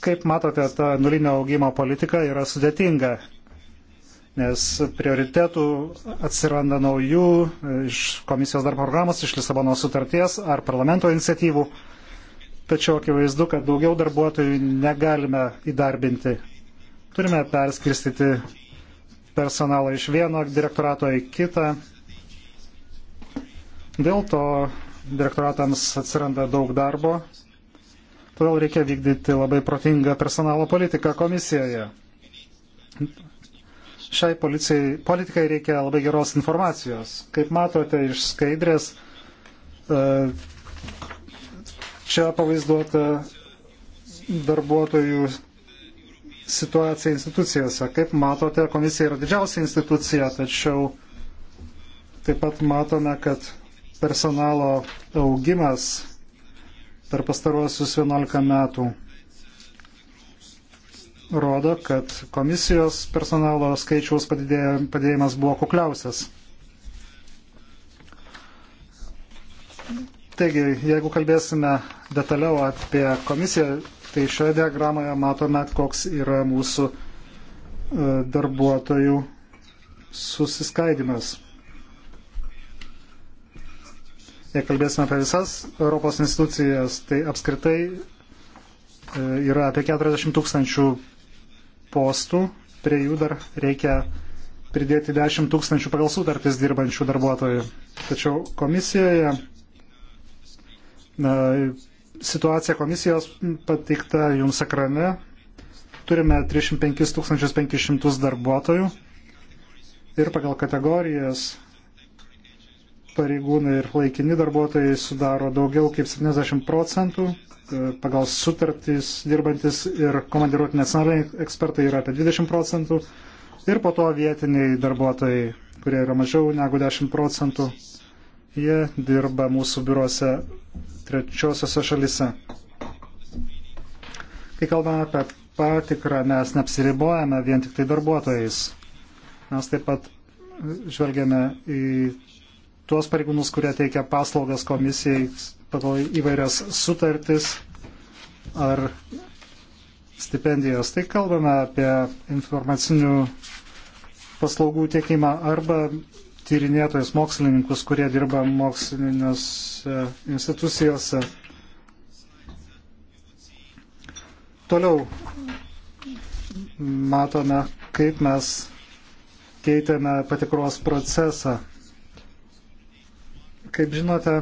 Kaip matote, ta nulinio augimo politika yra sudėtinga, nes prioritetų atsiranda naujų e, iš komisijos darbo programos, iš Lisabono sutarties ar parlamento iniciatyvų, tačiau akivaizdu, kad daugiau darbuotojų negalime įdarbinti. Turime perskirstyti personalą iš vieno direktorato į kitą. Dėl to direktoratams atsiranda daug darbo Todėl reikia vykdyti labai protingą personalo politiką komisijoje. Šiai policijai, politikai reikia labai geros informacijos. Kaip matote iš skaidrės, e, čia pavaizduota darbuotojų situacija institucijose. Kaip matote, komisija yra didžiausia institucija, tačiau taip pat matome, kad personalo augimas per pastaruosius 11 metų rodo, kad komisijos personalo skaičiaus padėjimas buvo kukliausias. Taigi, jeigu kalbėsime detaliau apie komisiją, tai šioje diagramoje matome, koks yra mūsų e, darbuotojų susiskaidimas jei kalbėsime apie visas Europos institucijas, tai apskritai e, yra apie 40 tūkstančių postų, prie jų dar reikia pridėti 10 tūkstančių pagal sutartis dirbančių darbuotojų. Tačiau komisijoje na, situacija komisijos pateikta jums ekrane. Turime 35 500 darbuotojų ir pagal kategorijas pareigūnai ir laikini darbuotojai sudaro daugiau kaip 70 procentų, e, pagal sutartys dirbantis ir komandiruoti nacionaliniai ekspertai yra apie 20 procentų ir po to vietiniai darbuotojai, kurie yra mažiau negu 10 procentų, jie dirba mūsų biurose trečiosiose šalise. Kai kalbame apie patikrą, mes neapsiribojame vien tik tai darbuotojais. Mes taip pat žvelgiame į tuos pareigūnus, kurie teikia paslaugas komisijai pagal įvairias sutartis ar stipendijas. Tai kalbame apie informacinių paslaugų tiekimą arba tyrinėtojus, mokslininkus, kurie dirba mokslinės institucijose. Toliau matome, kaip mes keitėme patikros procesą. Kaip žinote,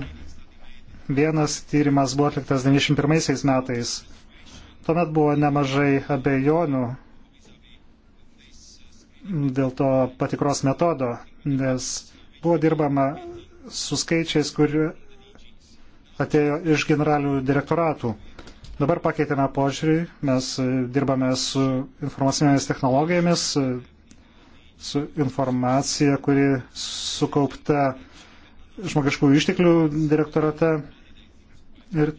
vienas tyrimas buvo atliktas 91 metais. Tuomet buvo nemažai abejonių dėl to patikros metodo, nes buvo dirbama su skaičiais, kur atėjo iš generalių direktoratų. Dabar pakeitėme požiūrį, mes dirbame su informacinėmis technologijomis, su informacija, kuri sukaupta žmogiškųjų išteklių direktorate. Ir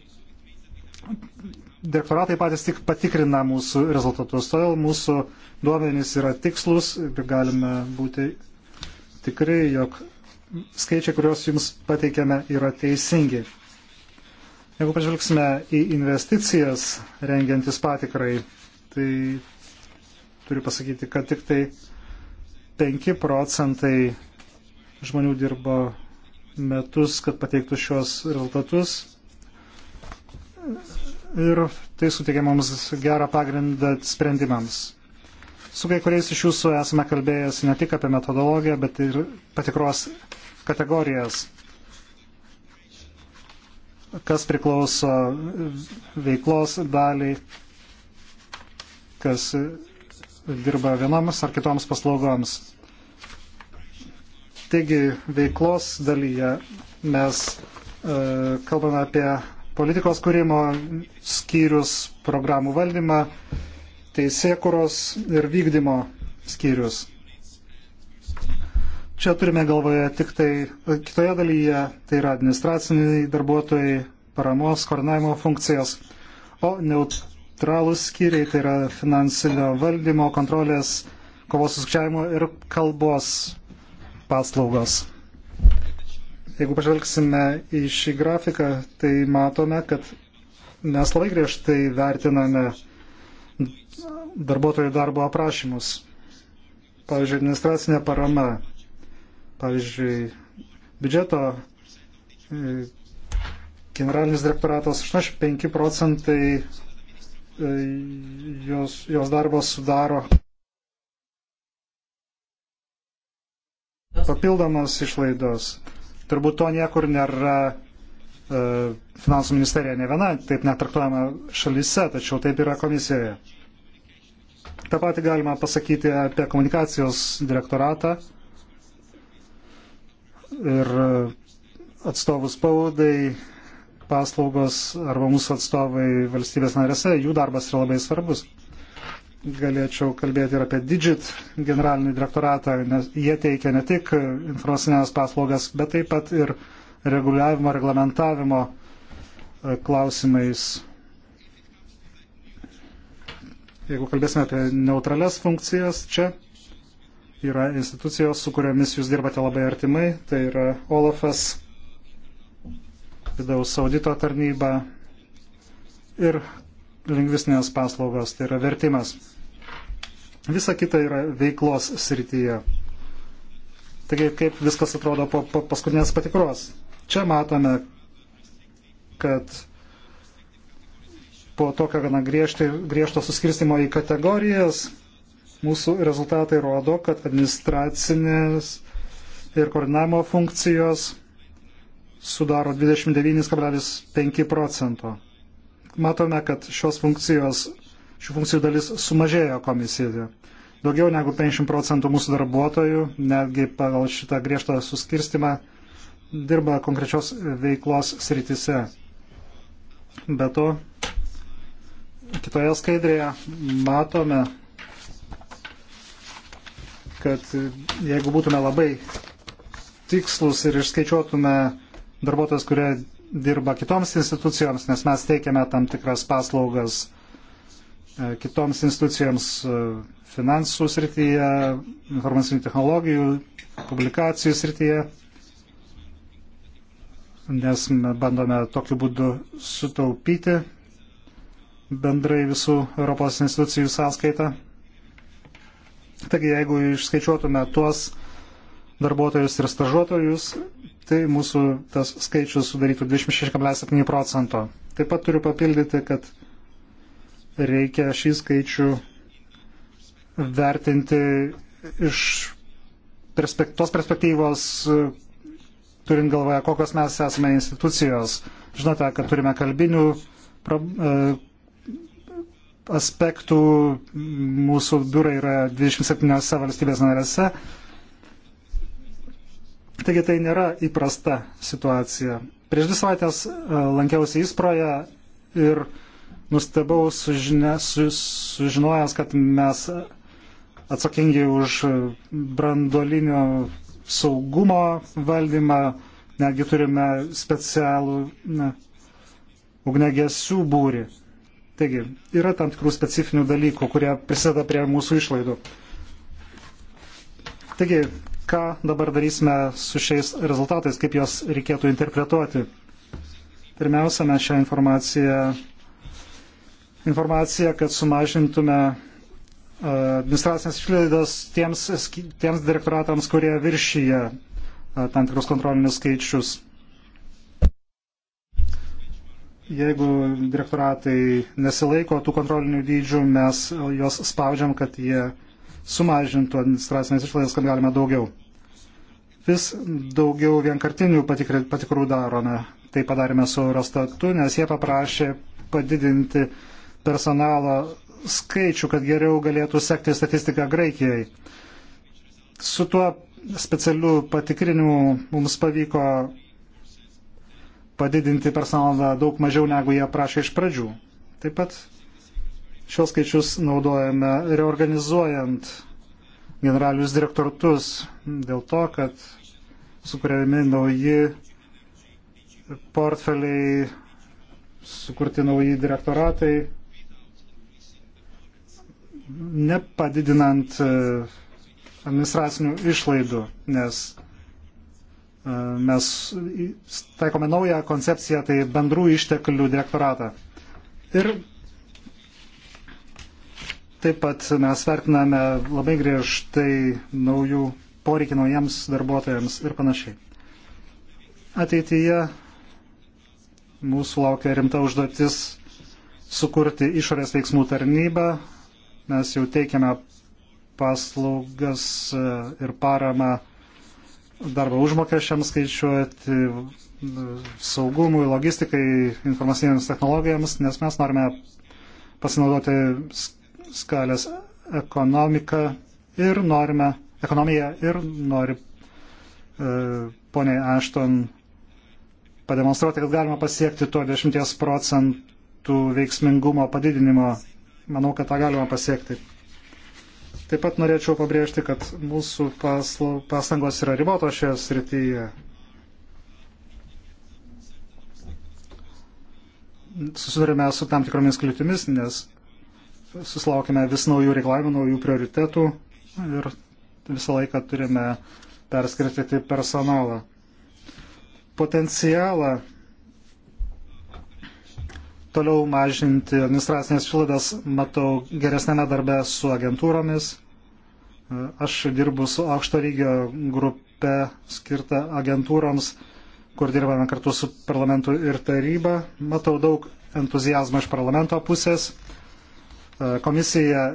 direktoratai patys tik patikrina mūsų rezultatus, todėl mūsų duomenys yra tikslus ir galime būti tikrai, jog skaičiai, kuriuos jums pateikėme, yra teisingi. Jeigu pažvelgsime į investicijas rengiantis patikrai, tai turiu pasakyti, kad tik tai 5 procentai žmonių dirbo metus, kad pateiktų šios rezultatus. Ir tai suteikia mums gerą pagrindą sprendimams. Su kai kuriais iš jūsų esame kalbėjęs ne tik apie metodologiją, bet ir patikros kategorijas, kas priklauso veiklos daliai, kas dirba vienoms ar kitoms paslaugoms. Taigi veiklos dalyje mes e, kalbame apie politikos kūrimo skyrius, programų valdymą, teisėkuros ir vykdymo skyrius. Čia turime galvoje tik tai e, kitoje dalyje, tai yra administraciniai darbuotojai, paramos, koordinavimo funkcijos, o neutralūs skyriai, tai yra finansinio valdymo, kontrolės, kovos suskčiavimo ir kalbos paslaugos. Jeigu pažvelgsime į šį grafiką, tai matome, kad mes labai griežtai vertiname darbuotojų darbo aprašymus. Pavyzdžiui, administracinė parama. Pavyzdžiui, biudžeto e, generalinis direktoratas 85 procentai e, jos, jos darbo sudaro papildomas išlaidos. Turbūt to niekur nėra e, finansų ministerija ne viena, taip netraktuojama šalise, tačiau taip yra komisijoje. Ta pati galima pasakyti apie komunikacijos direktoratą ir atstovus spaudai, paslaugos arba mūsų atstovai valstybės narėse, jų darbas yra labai svarbus galėčiau kalbėti ir apie Digit generalinį direktoratą, nes jie teikia ne tik informacinės paslaugas, bet taip pat ir reguliavimo, reglamentavimo e, klausimais. Jeigu kalbėsime apie neutrales funkcijas, čia yra institucijos, su kuriomis jūs dirbate labai artimai, tai yra Olafas, vidaus audito tarnyba ir lingvistinės paslaugos, tai yra vertimas. Visa kita yra veiklos srityje. Taigi, kaip viskas atrodo po, po paskutinės patikros. Čia matome, kad po tokio gana griežti, griežto suskirstimo į kategorijas mūsų rezultatai rodo, kad administracinės ir koordinavimo funkcijos sudaro 29,5 procento matome, kad šios funkcijos, šių funkcijų dalis sumažėjo komisijoje. Daugiau negu 50 procentų mūsų darbuotojų, netgi pagal šitą griežtą suskirstimą, dirba konkrečios veiklos sritise. Be to, kitoje skaidrėje matome, kad jeigu būtume labai tikslus ir išskaičiuotume darbuotojas, kurie dirba kitoms institucijoms, nes mes teikiame tam tikras paslaugas e, kitoms institucijoms e, finansų srityje, informacinių technologijų, publikacijų srityje, nes bandome tokiu būdu sutaupyti bendrai visų Europos institucijų sąskaitą. Taigi, jeigu išskaičiuotume tuos darbuotojus ir stažuotojus, tai mūsų tas skaičius sudarytų 26,7 procento. Taip pat turiu papildyti, kad reikia šį skaičių vertinti iš perspekt, tos perspektyvos, turint galvoje, kokios mes esame institucijos. Žinote, kad turime kalbinių pra, e, aspektų, mūsų biurai yra 27 valstybės narėse Taigi tai nėra įprasta situacija. Prieš dvi savaitės e, lankiausi įsproje ir nustebau sužinė, su, sužinojęs, kad mes atsakingi už brandolinio saugumo valdymą, netgi turime specialų na, ugnegesių būrį. Taigi, yra tam tikrų specifinių dalykų, kurie prisideda prie mūsų išlaidų. Taigi, ką dabar darysime su šiais rezultatais, kaip juos reikėtų interpretuoti. Pirmiausia, mes šią informaciją, informaciją kad sumažintume e, administracinės išlaidas tiems, tiems direktoratams, kurie viršyje e, tam tikrus kontrolinius skaičius. Jeigu direktoratai nesilaiko tų kontrolinių dydžių, mes juos spaudžiam, kad jie sumažintų administracinės išlaidas, kad galime daugiau vis daugiau vienkartinių patikrų darome. Tai padarėme su Eurostatu, nes jie paprašė padidinti personalo skaičių, kad geriau galėtų sekti statistiką Graikijai. Su tuo specialiu patikrinimu mums pavyko padidinti personalą daug mažiau negu jie prašė iš pradžių. Taip pat šios skaičius naudojame reorganizuojant generalius direktortus dėl to, kad sukūrėmi nauji portfeliai, sukurti nauji direktoratai, nepadidinant e, administracinių išlaidų, nes e, mes taikome naują koncepciją, tai bendrų išteklių direktoratą. Ir Taip pat mes vertiname labai griežtai naujų poreikį naujiems darbuotojams ir panašiai. Ateityje mūsų laukia rimta užduotis sukurti išorės veiksmų tarnybą. Mes jau teikiame paslaugas e, ir paramą darbo užmokesčiams skaičiuoti, e, saugumui, logistikai, informacinėms technologijams, nes mes norime pasinaudoti skalės ekonomiką ir norime, ekonomiją ir nori e, poniai Ašton pademonstruoti, kad galima pasiekti to 10 procentų veiksmingumo padidinimo. Manau, kad tą galima pasiekti. Taip pat norėčiau pabrėžti, kad mūsų paslau, pastangos yra ribotos šioje srityje. Susidurime su tam tikromis kliūtimis, nes susilaukime vis naujų reikalavimų, naujų prioritetų ir visą laiką turime perskirtyti personalą. Potencialą toliau mažinti administracinės išlaidas matau geresnėme darbe su agentūromis. Aš dirbu su aukšto lygio grupe skirta agentūroms, kur dirbame kartu su parlamentu ir taryba. Matau daug entuzijazmo iš parlamento pusės Komisija e,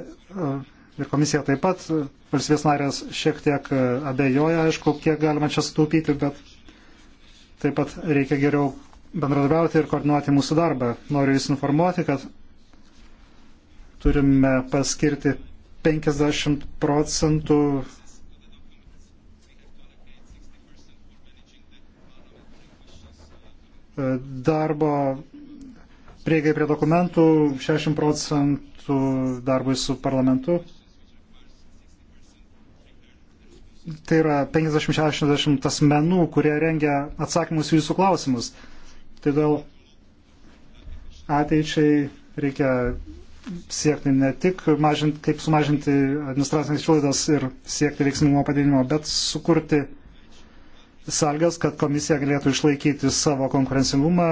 ir komisija taip pat, e, valstybės narės šiek tiek e, abejoja, aišku, kiek galima čia sutaupyti, bet taip pat reikia geriau bendradarbiauti ir koordinuoti mūsų darbą. Noriu Jūs informuoti, kad turime paskirti 50 procentų darbo prieigai prie dokumentų, 60 procentų skirtų darbui su parlamentu. Tai yra 50-60 asmenų, kurie rengia atsakymus į jūsų klausimus. Tai dėl ateičiai reikia siekti ne tik mažinti, kaip sumažinti administracinės išlaidas ir siekti veiksmingumo padidinimo, bet sukurti sąlygas, kad komisija galėtų išlaikyti savo konkurencingumą,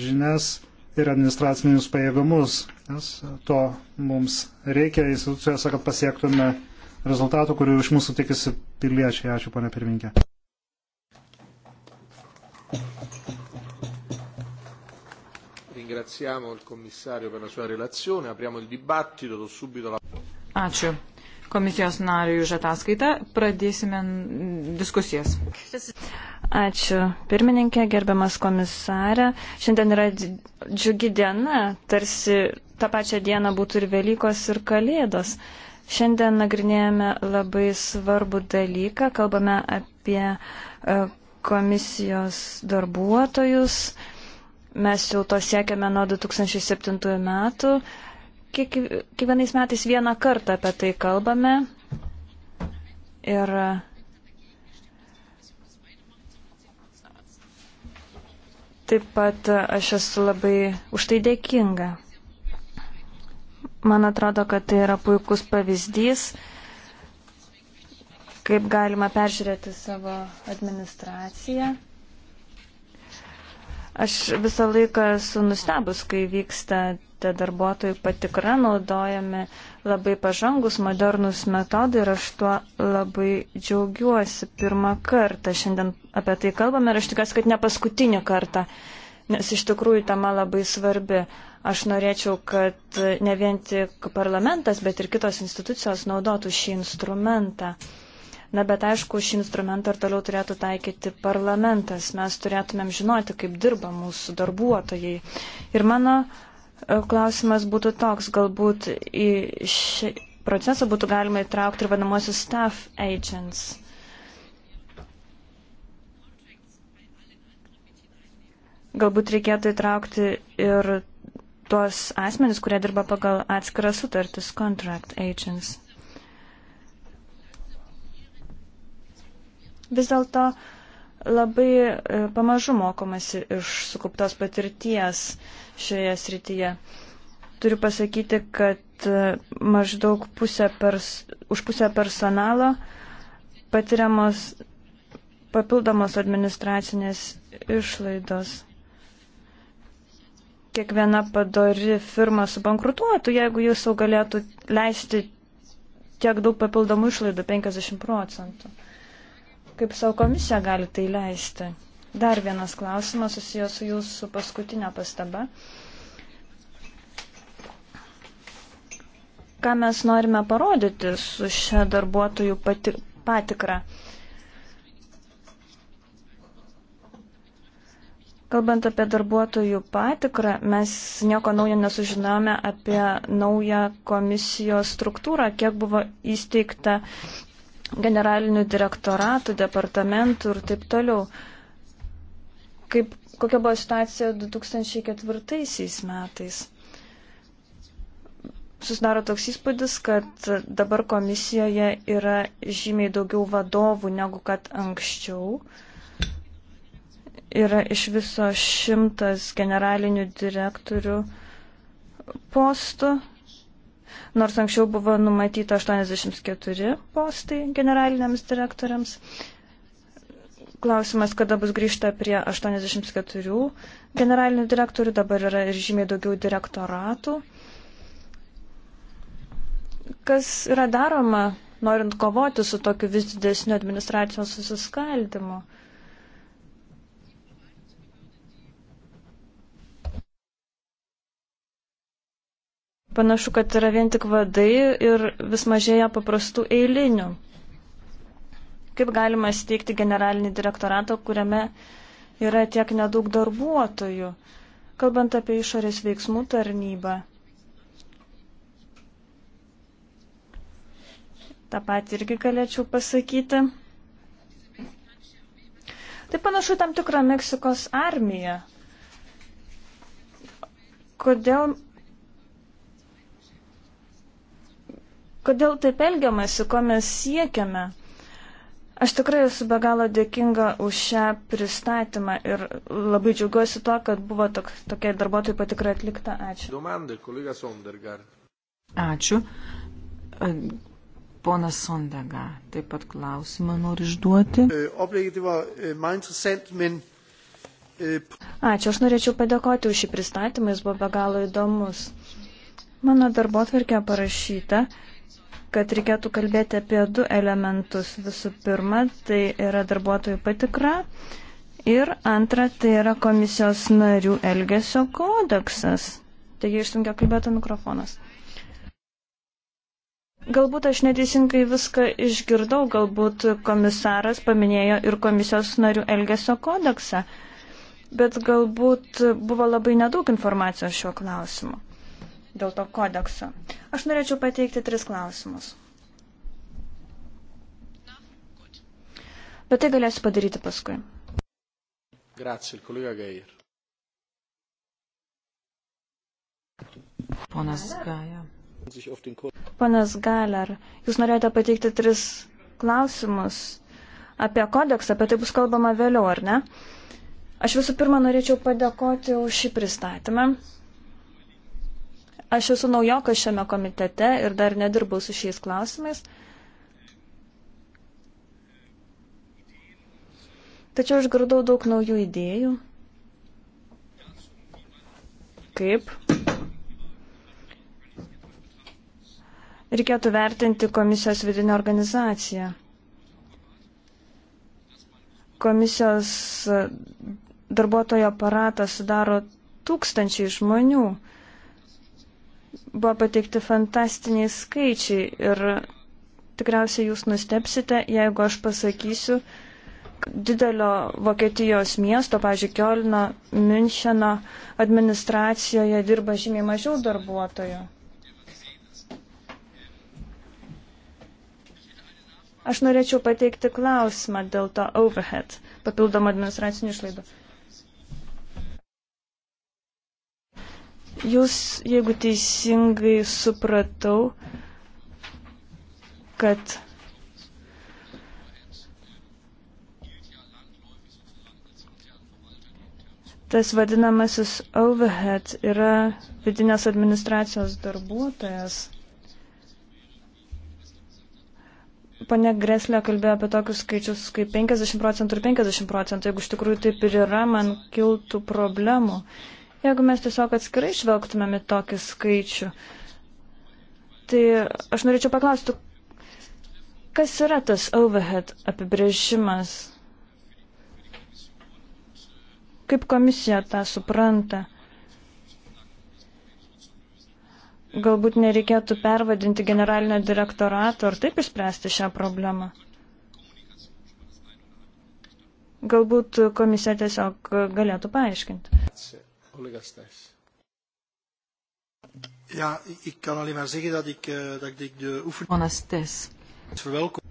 žinias ir administracinius pajėgumus, nes to mums reikia institucijose, kad pasiektume rezultatų, kurių iš mūsų tikisi piliečiai. Ačiū, ponė pirminkė. Ringraziamo il commissario per la sua relazione, apriamo il dibattito, do subito la... Ačiū komisijos nariui už ataskaitą. Pradėsime diskusijas. Ačiū. Pirmininkė, gerbiamas komisarė. Šiandien yra džiugi diena, tarsi tą pačią dieną būtų ir Velykos, ir Kalėdos. Šiandien nagrinėjame labai svarbų dalyką, kalbame apie e, komisijos darbuotojus. Mes jau to siekiame nuo 2007 metų kiek, kiekvienais metais vieną kartą apie tai kalbame. Ir taip pat aš esu labai už tai dėkinga. Man atrodo, kad tai yra puikus pavyzdys, kaip galima peržiūrėti savo administraciją. Aš visą laiką esu nustebus, kai vyksta kad darbuotojų patikra naudojami labai pažangus, modernus metodai ir aš tuo labai džiaugiuosi pirmą kartą. Šiandien apie tai kalbame ir aš tikiuosi, kad ne paskutinį kartą, nes iš tikrųjų tema labai svarbi. Aš norėčiau, kad ne vien tik parlamentas, bet ir kitos institucijos naudotų šį instrumentą. Na, bet aišku, šį instrumentą ir toliau turėtų taikyti parlamentas. Mes turėtumėm žinoti, kaip dirba mūsų darbuotojai. Ir mano uh, Klausimas būtų toks, galbūt į šį procesą būtų galima įtraukti ir vadamosius staff agents. Galbūt reikėtų įtraukti ir tuos asmenis, kurie dirba pagal atskirą sutartis, contract agents. Vis dėlto labai e, pamažu mokomasi iš sukauptos patirties. Uh, šioje srityje. Turiu pasakyti, kad e, maždaug pusę pers, už pusę personalo patiriamos papildomos administracinės išlaidos. Kiekviena padori firma subankrutuotų, jeigu jūs jau galėtų leisti tiek daug papildomų išlaidų - 50 procentų. Kaip savo komisija gali tai leisti? Dar vienas klausimas susijęs su jūsų paskutinė pastaba. Ką mes norime parodyti su šia darbuotojų pati, patikra? Kalbant apie darbuotojų patikrą, mes nieko naujo nesužinome apie naują komisijos struktūrą, kiek buvo įsteigta generalinių direktoratų, departamentų ir taip toliau kaip, kokia buvo situacija 2004 metais. Susidaro toks įspūdis, kad dabar komisijoje yra žymiai daugiau vadovų negu kad anksčiau. Yra iš viso šimtas generalinių direktorių postų, nors anksčiau buvo numatyta 84 postai generaliniams direktoriams. Uh, Klausimas, kada bus grįžta prie 84 generalinių direktorių, dabar yra ir žymiai daugiau direktoratų. Kas yra daroma, norint kovoti su tokiu vis didesniu administracijos susiskaldimu? Panašu, kad yra vien tik vadai ir vis mažėja paprastų eilinių. Kaip galima steigti generalinį direktoratą, kuriame yra tiek nedaug darbuotojų? Kalbant apie išorės veiksmų tarnybą. Ta pat irgi galėčiau pasakyti. Tai panašu tam tikrą Meksikos armiją. Kodėl kodėl taip elgiamasi, ko mes siekiame. Aš tikrai esu be galo dėkinga už šią pristatymą ir labai džiaugiuosi tuo, kad buvo tok, tokia darbuotojų patikra atlikta. Ačiū. Domandė, kolega Sondergaard. Ačiū. Ponas Sondega, taip pat klausimą noriu išduoti. E, e, e, Ačiū, aš norėčiau padėkoti už šį pristatymą, jis buvo be galo įdomus. Mano darbo tvarkė parašyta, kad reikėtų kalbėti apie du elementus. Visų pirma, tai yra darbuotojų patikra ir antra, tai yra komisijos narių elgesio kodeksas. Taigi išsunkia kalbėto mikrofonas. Galbūt aš neteisingai viską išgirdau, galbūt komisaras paminėjo ir komisijos narių Elgesio kodeksą, bet galbūt buvo labai nedaug informacijos šiuo klausimu dėl to kodekso. Aš norėčiau pateikti tris klausimus. Bet tai galėsiu padaryti paskui. Grazie, kolega Gair. Ponas Gaja. Ponas Galer, jūs norėjote pateikti tris klausimus apie kodeksą, apie tai bus kalbama vėliau, ar ne? Aš visų pirma norėčiau padėkoti už šį pristatymą. Aš esu naujokas šiame komitete ir dar nedirbau su šiais klausimais. Tačiau išgirdau daug naujų idėjų. Kaip? Reikėtų vertinti komisijos vidinę organizaciją. Komisijos darbuotojo aparatą sudaro tūkstančiai žmonių. Buvo pateikti fantastiniai skaičiai ir tikriausiai jūs nustepsite, jeigu aš pasakysiu, didelio Vokietijos miesto, pažiūrėjau, Kielino, Müncheno administracijoje dirba žymiai mažiau darbuotojų. Aš norėčiau pateikti klausimą dėl to overhead, papildomų administracinių išlaidų. Jūs, jeigu teisingai supratau, kad tas vadinamasis overhead yra vidinės administracijos darbuotojas. Pane Greslė kalbėjo apie tokius skaičius kaip 50 procentų ir 50 procentų. Jeigu iš tikrųjų taip ir yra, man kiltų problemų. Uh, Jeigu mes tiesiog atskirai žvelgtumėm į tokį skaičių, tai aš norėčiau paklausti, kas yra tas overhead apibrėžimas? Kaip komisija tą supranta? Galbūt nereikėtų pervadinti generalinio direktorato ar taip išspręsti šią problemą? Galbūt komisija tiesiog galėtų paaiškinti collega Stijs. Ja, ik kan alleen maar zeggen dat ik, eh, dat ik de oefening... Van Stijs. Verwelkom.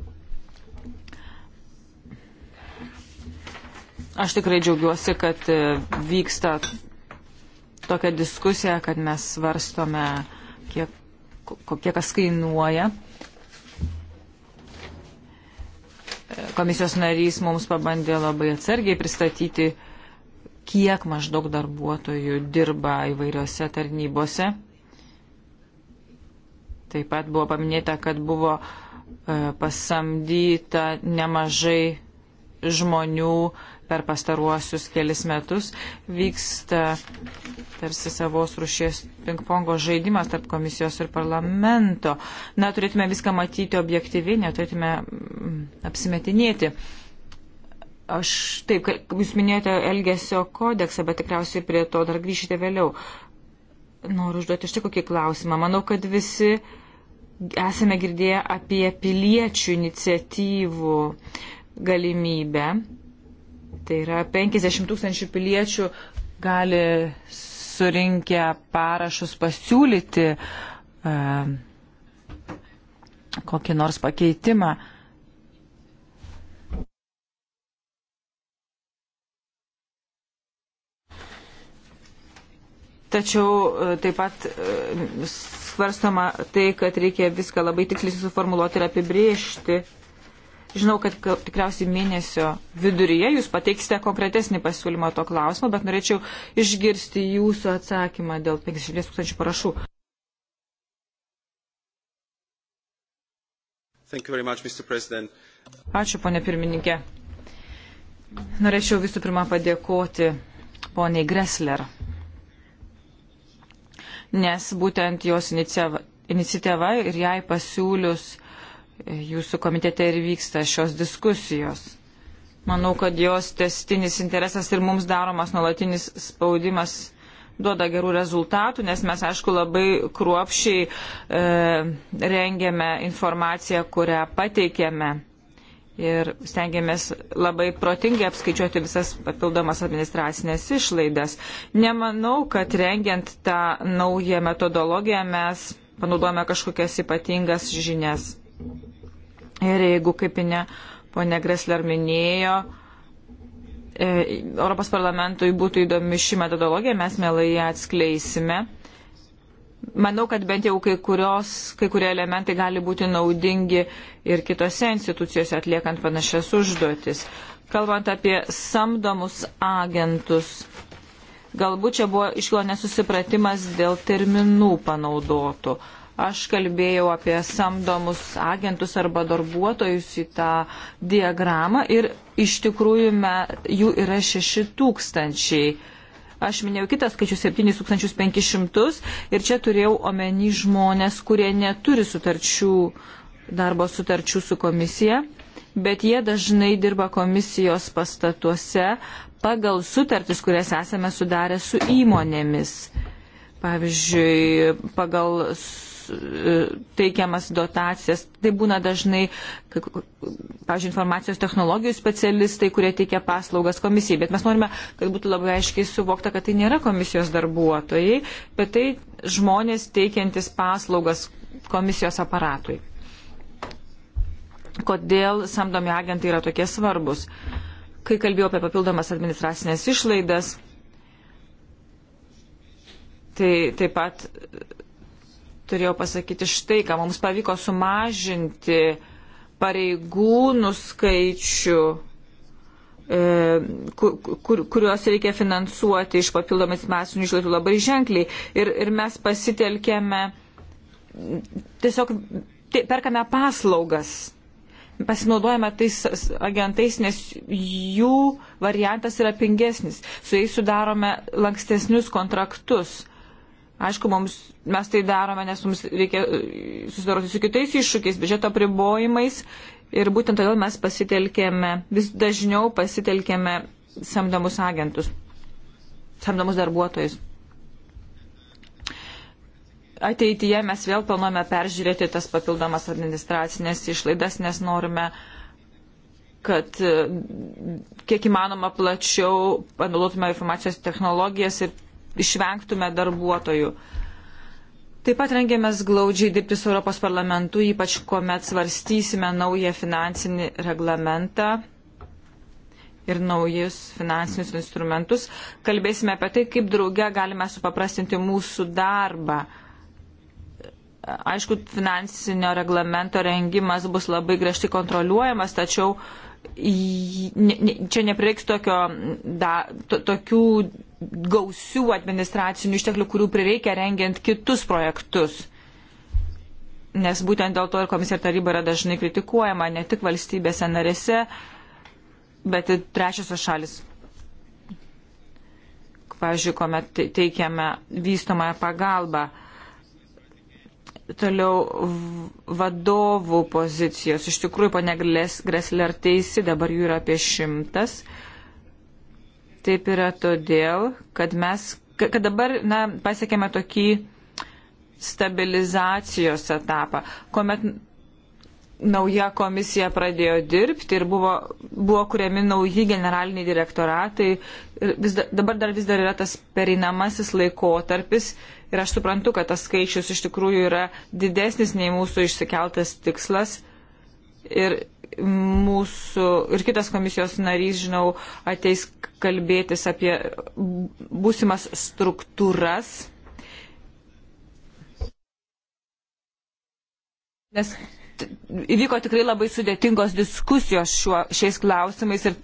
Aš tikrai džiaugiuosi, kad e, vyksta tokia diskusija, kad mes svarstome, kiek, kokie kas kainuoja. E, komisijos narys mums pabandė labai atsargiai pristatyti uh, kiek maždaug darbuotojų dirba įvairiose tarnybose. Taip pat buvo paminėta, kad buvo e, pasamdyta nemažai žmonių per pastaruosius kelis metus. Vyksta tarsi savos rušies pingpongo žaidimas tarp komisijos ir parlamento. Na, turėtume viską matyti objektyviai, neturėtume mm, apsimetinėti. Uh, Aš taip, jūs minėjote Elgesio kodeksą, bet tikriausiai prie to dar grįšite vėliau. Noriu užduoti štai kokį klausimą. Manau, kad visi esame girdėję apie piliečių iniciatyvų galimybę. Tai yra 50 tūkstančių piliečių gali surinkę parašus pasiūlyti uh, kokį nors pakeitimą. Uh, Tačiau e, taip pat e, svarstama tai, kad reikia viską labai tiksliai suformuoluoti ir apibriežti. Žinau, kad tikriausiai mėnesio viduryje jūs pateiksite konkretesnį pasiūlymą to klausimo, bet norėčiau išgirsti jūsų atsakymą dėl 50 tūkstančių parašų. Much, Ačiū, ponė pirmininkė. Norėčiau visų pirma padėkoti poniai Gressler nes būtent jos iniciatyva ir jai pasiūlius e, jūsų komitete ir vyksta šios diskusijos. Manau, kad jos testinis interesas ir mums daromas nuolatinis spaudimas duoda gerų rezultatų, nes mes, aišku, labai kruopšiai e, rengėme informaciją, kurią pateikėme ir stengiamės labai protingai apskaičiuoti visas papildomas administracinės išlaidas. Nemanau, kad rengiant tą naują metodologiją mes panaudojame kažkokias ypatingas žinias. Ir jeigu, kaip ne, ponė Gresler minėjo, e, Europos parlamentui būtų įdomi ši metodologija, mes mielai ją atskleisime manau, kad bent jau kai, kurios, kai kurie elementai gali būti naudingi ir kitose institucijose atliekant panašias užduotis. Kalbant apie samdomus agentus, galbūt čia buvo iškilo nesusipratimas dėl terminų panaudotų. Aš kalbėjau apie samdomus agentus arba darbuotojus į tą diagramą ir iš tikrųjų me, jų yra šeši tūkstančiai Aš minėjau kitą skaičių 7500 ir čia turėjau omeny žmonės, kurie neturi sutarčių, darbo sutarčių su komisija, bet jie dažnai dirba komisijos pastatuose pagal sutartis, kurias esame sudarę su įmonėmis. Pavyzdžiui, pagal E, teikiamas dotacijas. Tai būna dažnai, pavyzdžiui, informacijos technologijų specialistai, kurie teikia paslaugas komisijai. Bet mes norime, kad būtų labai aiškiai suvokta, kad tai nėra komisijos darbuotojai, bet tai žmonės teikiantis paslaugas komisijos aparatui. Kodėl samdomi agentai yra tokie svarbus? Kai kalbėjau apie papildomas administracinės išlaidas, tai taip pat turėjau pasakyti štai, ką mums pavyko sumažinti pareigūnų skaičių, e, kur, kur, kuriuos reikia finansuoti iš papildomais masinių išlaidų labai ženkliai. Ir, ir mes pasitelkėme, tiesiog perkame paslaugas pasinaudojame tais agentais, nes jų variantas yra pingesnis. Su jais sudarome lankstesnius kontraktus. Aišku, mums, mes tai darome, nes mums reikia e, susidaroti su kitais iššūkiais, biudžeto pribojimais ir būtent todėl mes pasitelkėme, vis dažniau pasitelkėme samdomus agentus, samdomus darbuotojus. Ateityje mes vėl planuojame peržiūrėti tas papildomas administracinės išlaidas, nes norime uh, kad e, kiek įmanoma plačiau panaudotume informacijos technologijas ir išvengtume darbuotojų. Taip pat rengėmės glaudžiai dirbti su Europos parlamentu, ypač kuomet svarstysime naują finansinį reglamentą ir naujus finansinius instrumentus. Kalbėsime apie tai, kaip drauge galime supaprastinti mūsų darbą. Aišku, finansinio reglamento rengimas bus labai griežtai kontroliuojamas, tačiau čia neprireiks tokio, da, to, tokių gausių administracinių išteklių, kurių prireikia rengiant kitus projektus. Nes būtent dėl to ir komisija taryba yra dažnai kritikuojama ne tik valstybėse narėse, bet ir trečiosios šalis. Pavyzdžiui, kuomet teikiame vystomąją pagalbą toliau vadovų pozicijos. Iš tikrųjų, ponia Gresler teisi, dabar jų yra apie šimtas. Taip yra todėl, kad mes, kad dabar, na, pasiekėme tokį stabilizacijos etapą, kuomet nauja komisija pradėjo dirbti ir buvo, buvo kuriami nauji generaliniai direktoratai. Vis da, dabar dar vis dar yra tas perinamasis laikotarpis ir aš suprantu, kad tas skaičius iš tikrųjų yra didesnis nei mūsų išsikeltas tikslas. Ir mūsų ir kitas komisijos narys, žinau, ateis kalbėtis apie būsimas struktūras. Nes įvyko tikrai labai sudėtingos diskusijos šiuo, šiais klausimais ir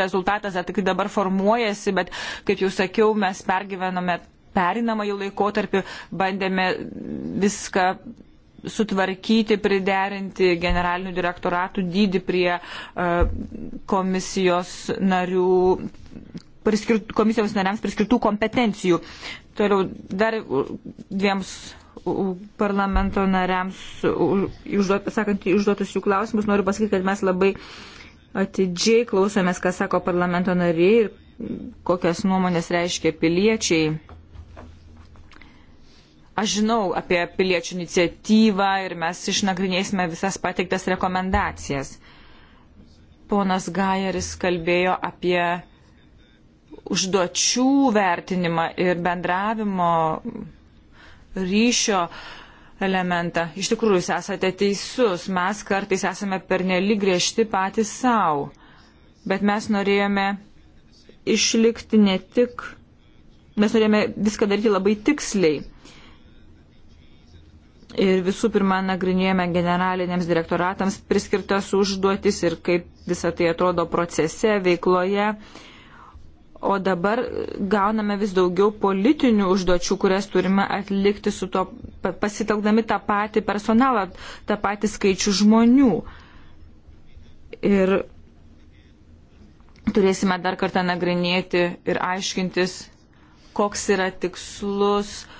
rezultatas dar tik dabar formuojasi, bet, kaip jau sakiau, mes pergyvenome perinamąjį laikotarpį, bandėme viską sutvarkyti, priderinti generalinių direktoratų dydį prie e, komisijos narių priskirt, komisijos nariams priskirtų kompetencijų. Toliau dar dviems parlamento nariams, užduot, sakant, užduotus jų klausimus, noriu pasakyti, kad mes labai atidžiai klausomės, ką sako parlamento nariai ir kokias nuomonės reiškia piliečiai Aš žinau apie piliečių iniciatyvą ir mes išnagrinėsime visas pateiktas rekomendacijas. Ponas Gajeris kalbėjo apie užduočių vertinimą ir bendravimo ryšio elementą. Iš tikrųjų, jūs esate teisus, mes kartais esame pernelyg griežti patys savo, bet mes norėjome išlikti ne tik, mes norėjome viską daryti labai tiksliai. Ir visų pirma, nagrinėjame generaliniams direktoratams priskirtas užduotis ir kaip visą tai atrodo procese, veikloje. O dabar gauname vis daugiau politinių užduočių, kurias turime atlikti su to, pasitelkdami tą patį personalą, tą patį skaičių žmonių. Ir turėsime dar kartą nagrinėti ir aiškintis, koks yra tikslus, uh,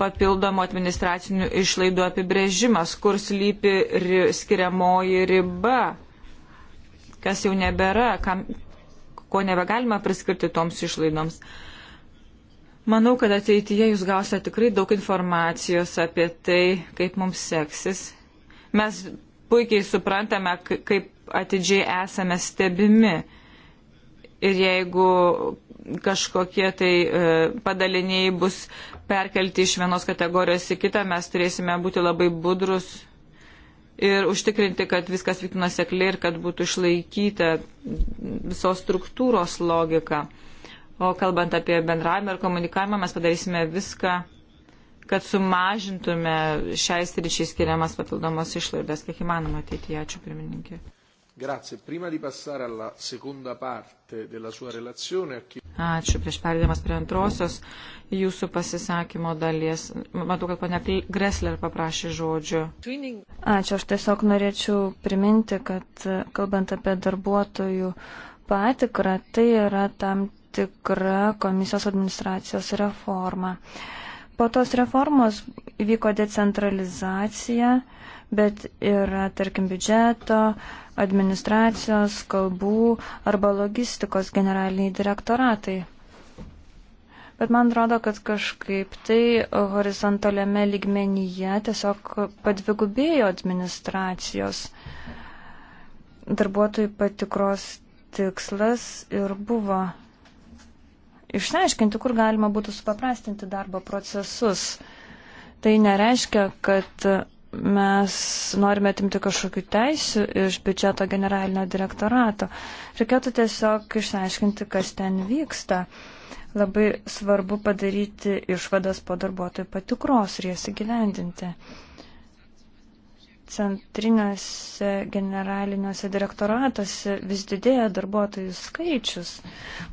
papildomų administracinių išlaidų apibrėžimas, kur slypi ri, skiriamoji riba, kas jau nebėra, kam, ko nebegalima priskirti toms išlaidoms. Manau, kad ateityje jūs gausite tikrai daug informacijos apie tai, kaip mums seksis. Mes puikiai suprantame, kaip atidžiai esame stebimi. Ir jeigu kažkokie tai e, padaliniai bus perkelti iš vienos kategorijos į kitą, mes turėsime būti labai budrus ir užtikrinti, kad viskas vyktų nusekliai ir kad būtų išlaikyta visos struktūros logika. O kalbant apie bendravimą ir komunikavimą, mes padarysime viską, kad sumažintume šiais ryčiai skiriamas papildomas išlaidas, kiek įmanoma ateityje. Ačiū, pirmininkė. Grazie. Prima di passare alla seconda parte della sua relazione, a chi... Ačiū. Prieš perėdamas prie antrosios jūsų pasisakymo dalies. Matau, kad ponia Gressler paprašė žodžio. Ačiū. Aš tiesiog norėčiau priminti, kad e, kalbant apie darbuotojų patikrą, tai yra tam tikra komisijos administracijos reforma. Po tos reformos įvyko decentralizacija, bet yra, tarkim, biudžeto administracijos, kalbų arba logistikos generaliniai direktoratai. Bet man atrodo, kad kažkaip tai horizontaliame lygmenyje tiesiog padvigubėjo administracijos. Darbuotojų patikros tikslas ir buvo išsiaiškinti, kur galima būtų supaprastinti darbo procesus. Tai nereiškia, kad mes norime atimti kažkokių teisių iš biudžeto generalinio direktorato. Reikėtų tiesiog išsiaiškinti, kas ten vyksta. Labai svarbu padaryti išvadas po darbuotojų patikros ir jas įgyvendinti. Centriniuose generaliniuose direktoratuose vis didėja darbuotojų skaičius.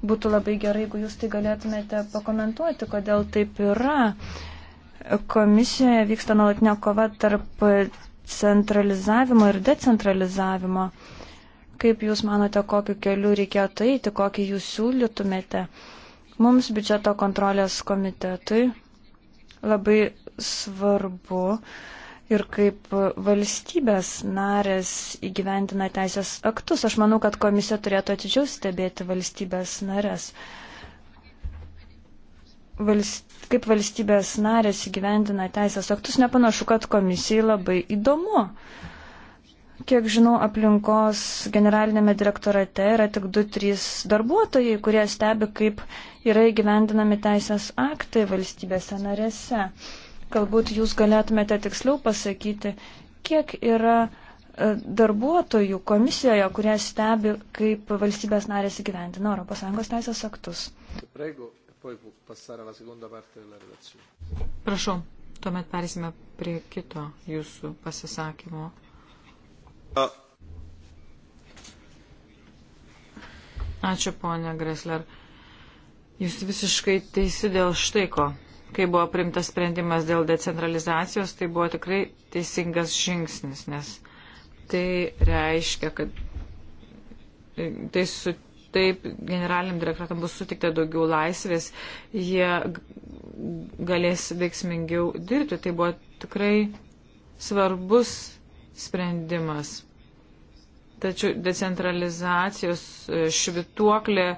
Būtų labai gerai, jeigu jūs tai galėtumėte pakomentuoti, kodėl taip yra Komisijoje vyksta nuolatinė kova tarp centralizavimo ir decentralizavimo. Kaip Jūs manote, kokiu keliu reikėtų eiti, kokį Jūs siūlytumėte? Mums biudžeto kontrolės komitetui labai svarbu ir kaip valstybės narės įgyvendina teisės aktus. Aš manau, kad komisija turėtų atidžiau stebėti valstybės narės. Uh, valst, kaip valstybės narės įgyvendina teisės aktus, nepanašu, kad komisijai labai įdomu. Kiek žinau, aplinkos generalinėme direktorate yra tik 2-3 darbuotojai, kurie stebi, kaip yra įgyvendinami teisės aktai valstybėse narėse. Galbūt jūs galėtumėte tiksliau pasakyti, kiek yra e, darbuotojų komisijoje, kurie stebi, kaip valstybės narės įgyvendina ES teisės aktus. Prego, poi può passare alla seconda parte della relazione. Prašau, tuomet perėsime prie kito jūsų pasisakymo. Ačiū, ponia Gresler. Jūs visiškai teisi dėl štai ko. Kai buvo primtas sprendimas dėl decentralizacijos, tai buvo tikrai teisingas žingsnis, nes tai reiškia, kad tai su, taip generaliniam direktoratam bus sutikta daugiau laisvės, jie galės veiksmingiau dirbti. Tai buvo tikrai svarbus sprendimas. Tačiau decentralizacijos e, švituoklė e,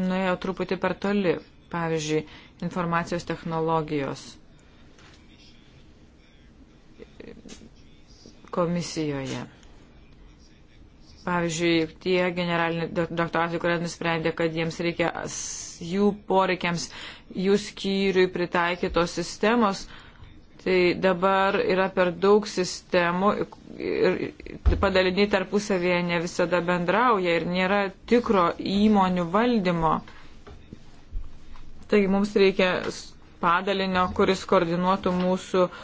nuėjo truputį per toli. Pavyzdžiui, informacijos technologijos komisijoje. Pavyzdžiui, tie generaliniai doktoratai, kurie nusprendė, kad jiems reikia jų poreikiams, jų skyriui pritaikytos sistemos, tai dabar yra per daug sistemų ir padaliniai tarpusavėje ne visada bendrauja ir nėra tikro įmonių valdymo. Taigi mums reikia padalinio, kuris koordinuotų mūsų uh,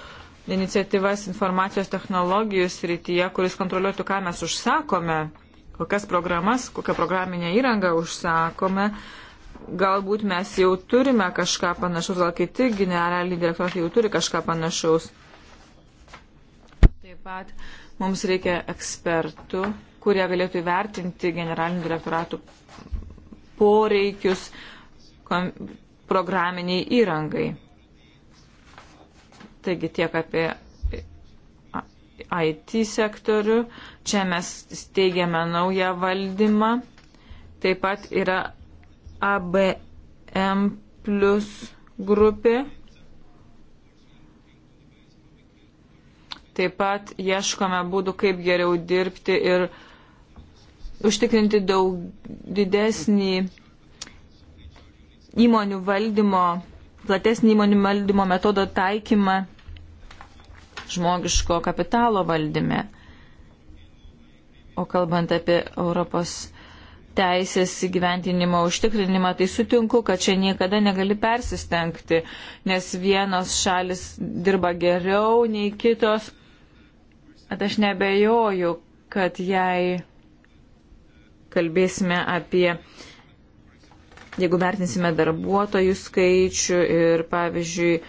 iniciatyvas informacijos technologijų srityje, kuris kontroliuotų, ką mes užsakome, kokias programas, kokią programinę įrangą užsakome. Galbūt mes jau turime kažką panašaus, gal kiti generaliniai direktoriai jau turi kažką panašaus. Taip pat mums reikia ekspertų, kurie galėtų įvertinti generalinių direktoratų poreikius programiniai įrangai. Taigi tiek apie IT sektorių, čia mes steigiame naują valdymą, taip pat yra ABM plus grupė, taip pat ieškome būdų, kaip geriau dirbti ir užtikrinti daug didesnį įmonių valdymo, platesnį įmonių valdymo metodo taikymą žmogiško kapitalo valdyme. O kalbant apie Europos teisės įgyventinimo užtikrinimą, tai sutinku, kad čia niekada negali persistengti, nes vienos šalis dirba geriau nei kitos. At aš nebejoju, kad jei kalbėsime apie, jeigu vertinsime darbuotojų skaičių ir, pavyzdžiui,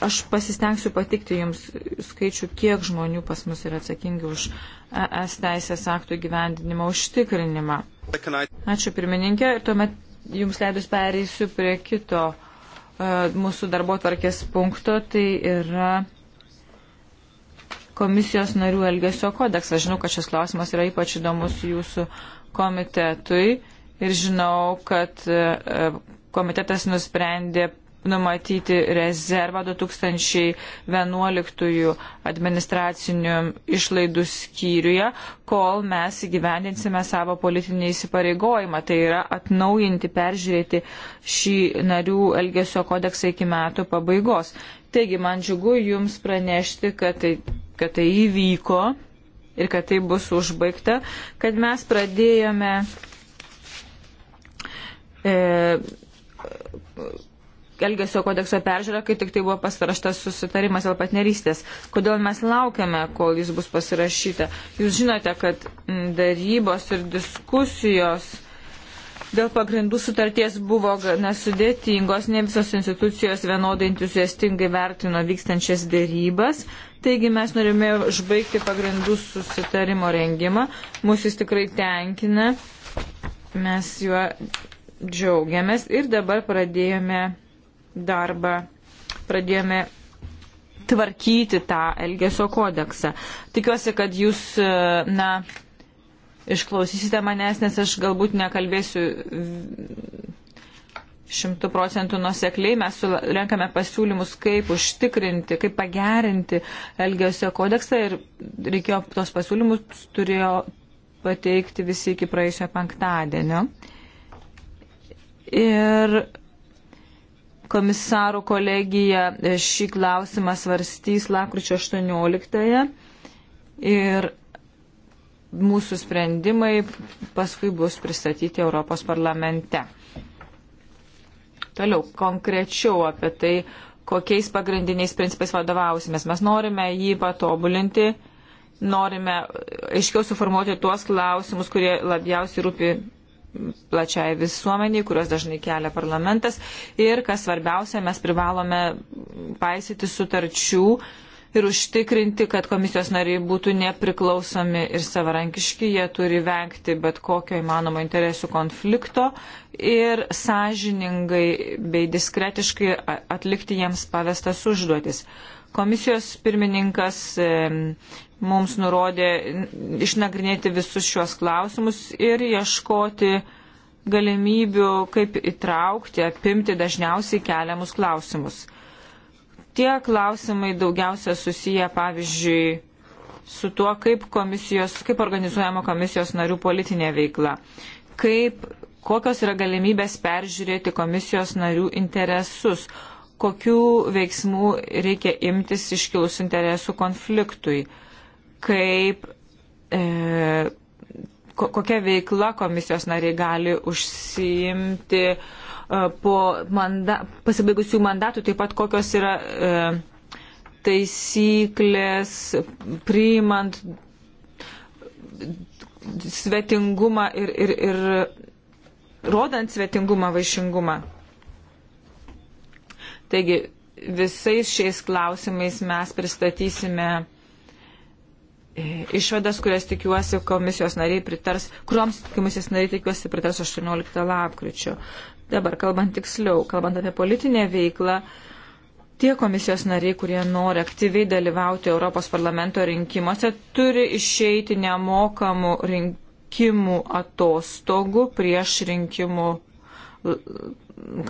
Aš pasistengsiu patikti Jums skaičių, kiek žmonių pas mus yra atsakingi už ES teisės aktų gyvendinimą užtikrinimą. Ačiū pirmininkė ir tuomet Jums leidus pereisiu prie kito e, mūsų darbo tvarkės punkto, tai yra komisijos narių elgesio kodeksas. Žinau, kad šis klausimas yra ypač įdomus jūsų komitetui ir žinau, kad e, komitetas nusprendė numatyti rezervą 2011 administracinių išlaidų skyriuje, kol mes įgyvendinsime savo politinį įsipareigojimą. Tai yra atnaujinti, peržiūrėti šį narių elgesio kodeksą iki metų pabaigos. Taigi, man džiugu Jums pranešti, kad tai, kad tai įvyko ir kad tai bus užbaigta, kad mes pradėjome. E, Elgesio kodekso peržiūrą, kai tik tai buvo pasiraštas susitarimas dėl partnerystės. Kodėl mes laukiame, kol jis bus pasirašyta? Jūs žinote, kad mm, darybos ir diskusijos dėl pagrindų sutarties buvo nesudėtingos, ne visos institucijos vienodai entuziastingai vertino vykstančias dėrybas. Taigi mes norime užbaigti pagrindų susitarimo rengimą. Mūsų jis tikrai tenkina. Mes juo džiaugiamės ir dabar pradėjome darbą. Pradėjome tvarkyti tą Elgesio kodeksą. Tikiuosi, kad jūs, e, na, išklausysite manęs, nes aš galbūt nekalbėsiu šimtų procentų nusekliai. Mes renkame pasiūlymus, kaip užtikrinti, kaip pagerinti Elgesio kodeksą ir reikėjo tos pasiūlymus turėjo pateikti visi iki praėjusio penktadienio. Ir Komisarų kolegija e, šį klausimą svarstys lakryčio 18-ąją ir mūsų sprendimai paskui bus pristatyti Europos parlamente. Toliau, konkrečiau apie tai, kokiais pagrindiniais principais vadovausimės. Mes norime jį patobulinti, norime aiškiau suformuoti tuos klausimus, kurie labiausiai rūpi plačiai visuomeniai, kuriuos dažnai kelia parlamentas. Ir, kas svarbiausia, mes privalome paisyti sutarčių ir užtikrinti, kad komisijos nariai būtų nepriklausomi ir savarankiški, jie turi vengti bet kokio įmanomo interesų konflikto ir sąžiningai bei diskretiškai atlikti jiems pavestas užduotis. Komisijos pirmininkas mums nurodė išnagrinėti visus šios klausimus ir ieškoti galimybių, kaip įtraukti, apimti dažniausiai keliamus klausimus. Tie klausimai daugiausia susiję, pavyzdžiui, su tuo, kaip, komisijos, kaip organizuojama komisijos narių politinė veikla, kaip, kokios yra galimybės peržiūrėti komisijos narių interesus, kokių veiksmų reikia imtis iškilus interesų konfliktui. Uh, kaip e, kokia veikla komisijos nariai gali užsiimti e, po manda, pasibaigusių mandatų, taip pat kokios yra e, taisyklės priimant svetingumą ir, ir, ir rodant svetingumą, vaišingumą. Taigi visais šiais klausimais mes pristatysime E, išvadas, kurias tikiuosi komisijos nariai pritars, kuriuoms komisijos nariai tikiuosi pritars 18 lapkričio. Dabar kalbant tiksliau, kalbant apie politinę veiklą, tie komisijos nariai, kurie nori aktyviai dalyvauti Europos parlamento rinkimuose, turi išeiti nemokamų rinkimų atostogų prieš rinkimų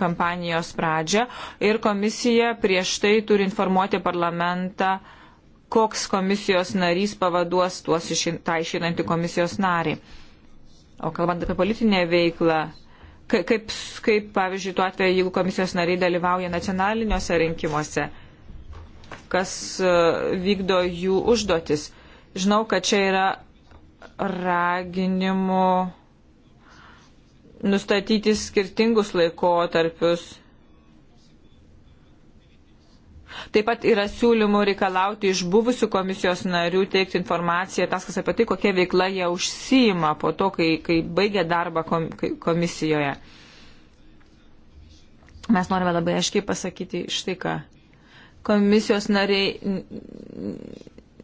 kampanijos pradžią ir komisija prieš tai turi informuoti parlamentą koks komisijos narys pavaduos tuos išin, tą išinantį komisijos narį. O kalbant apie politinę veiklą, kaip, kaip pavyzdžiui, tuo atveju, jeigu komisijos nariai dalyvauja nacionaliniuose rinkimuose, kas e, vykdo jų užduotis. Žinau, kad čia yra raginimų nustatyti skirtingus laikotarpius Taip pat yra siūlymų reikalauti iš buvusių komisijos narių teikti informaciją, taskas apie tai, kokia veikla jie užsijima po to, kai, kai baigia darbą komisijoje. Mes norime labai aiškiai pasakyti štai ką. Komisijos nariai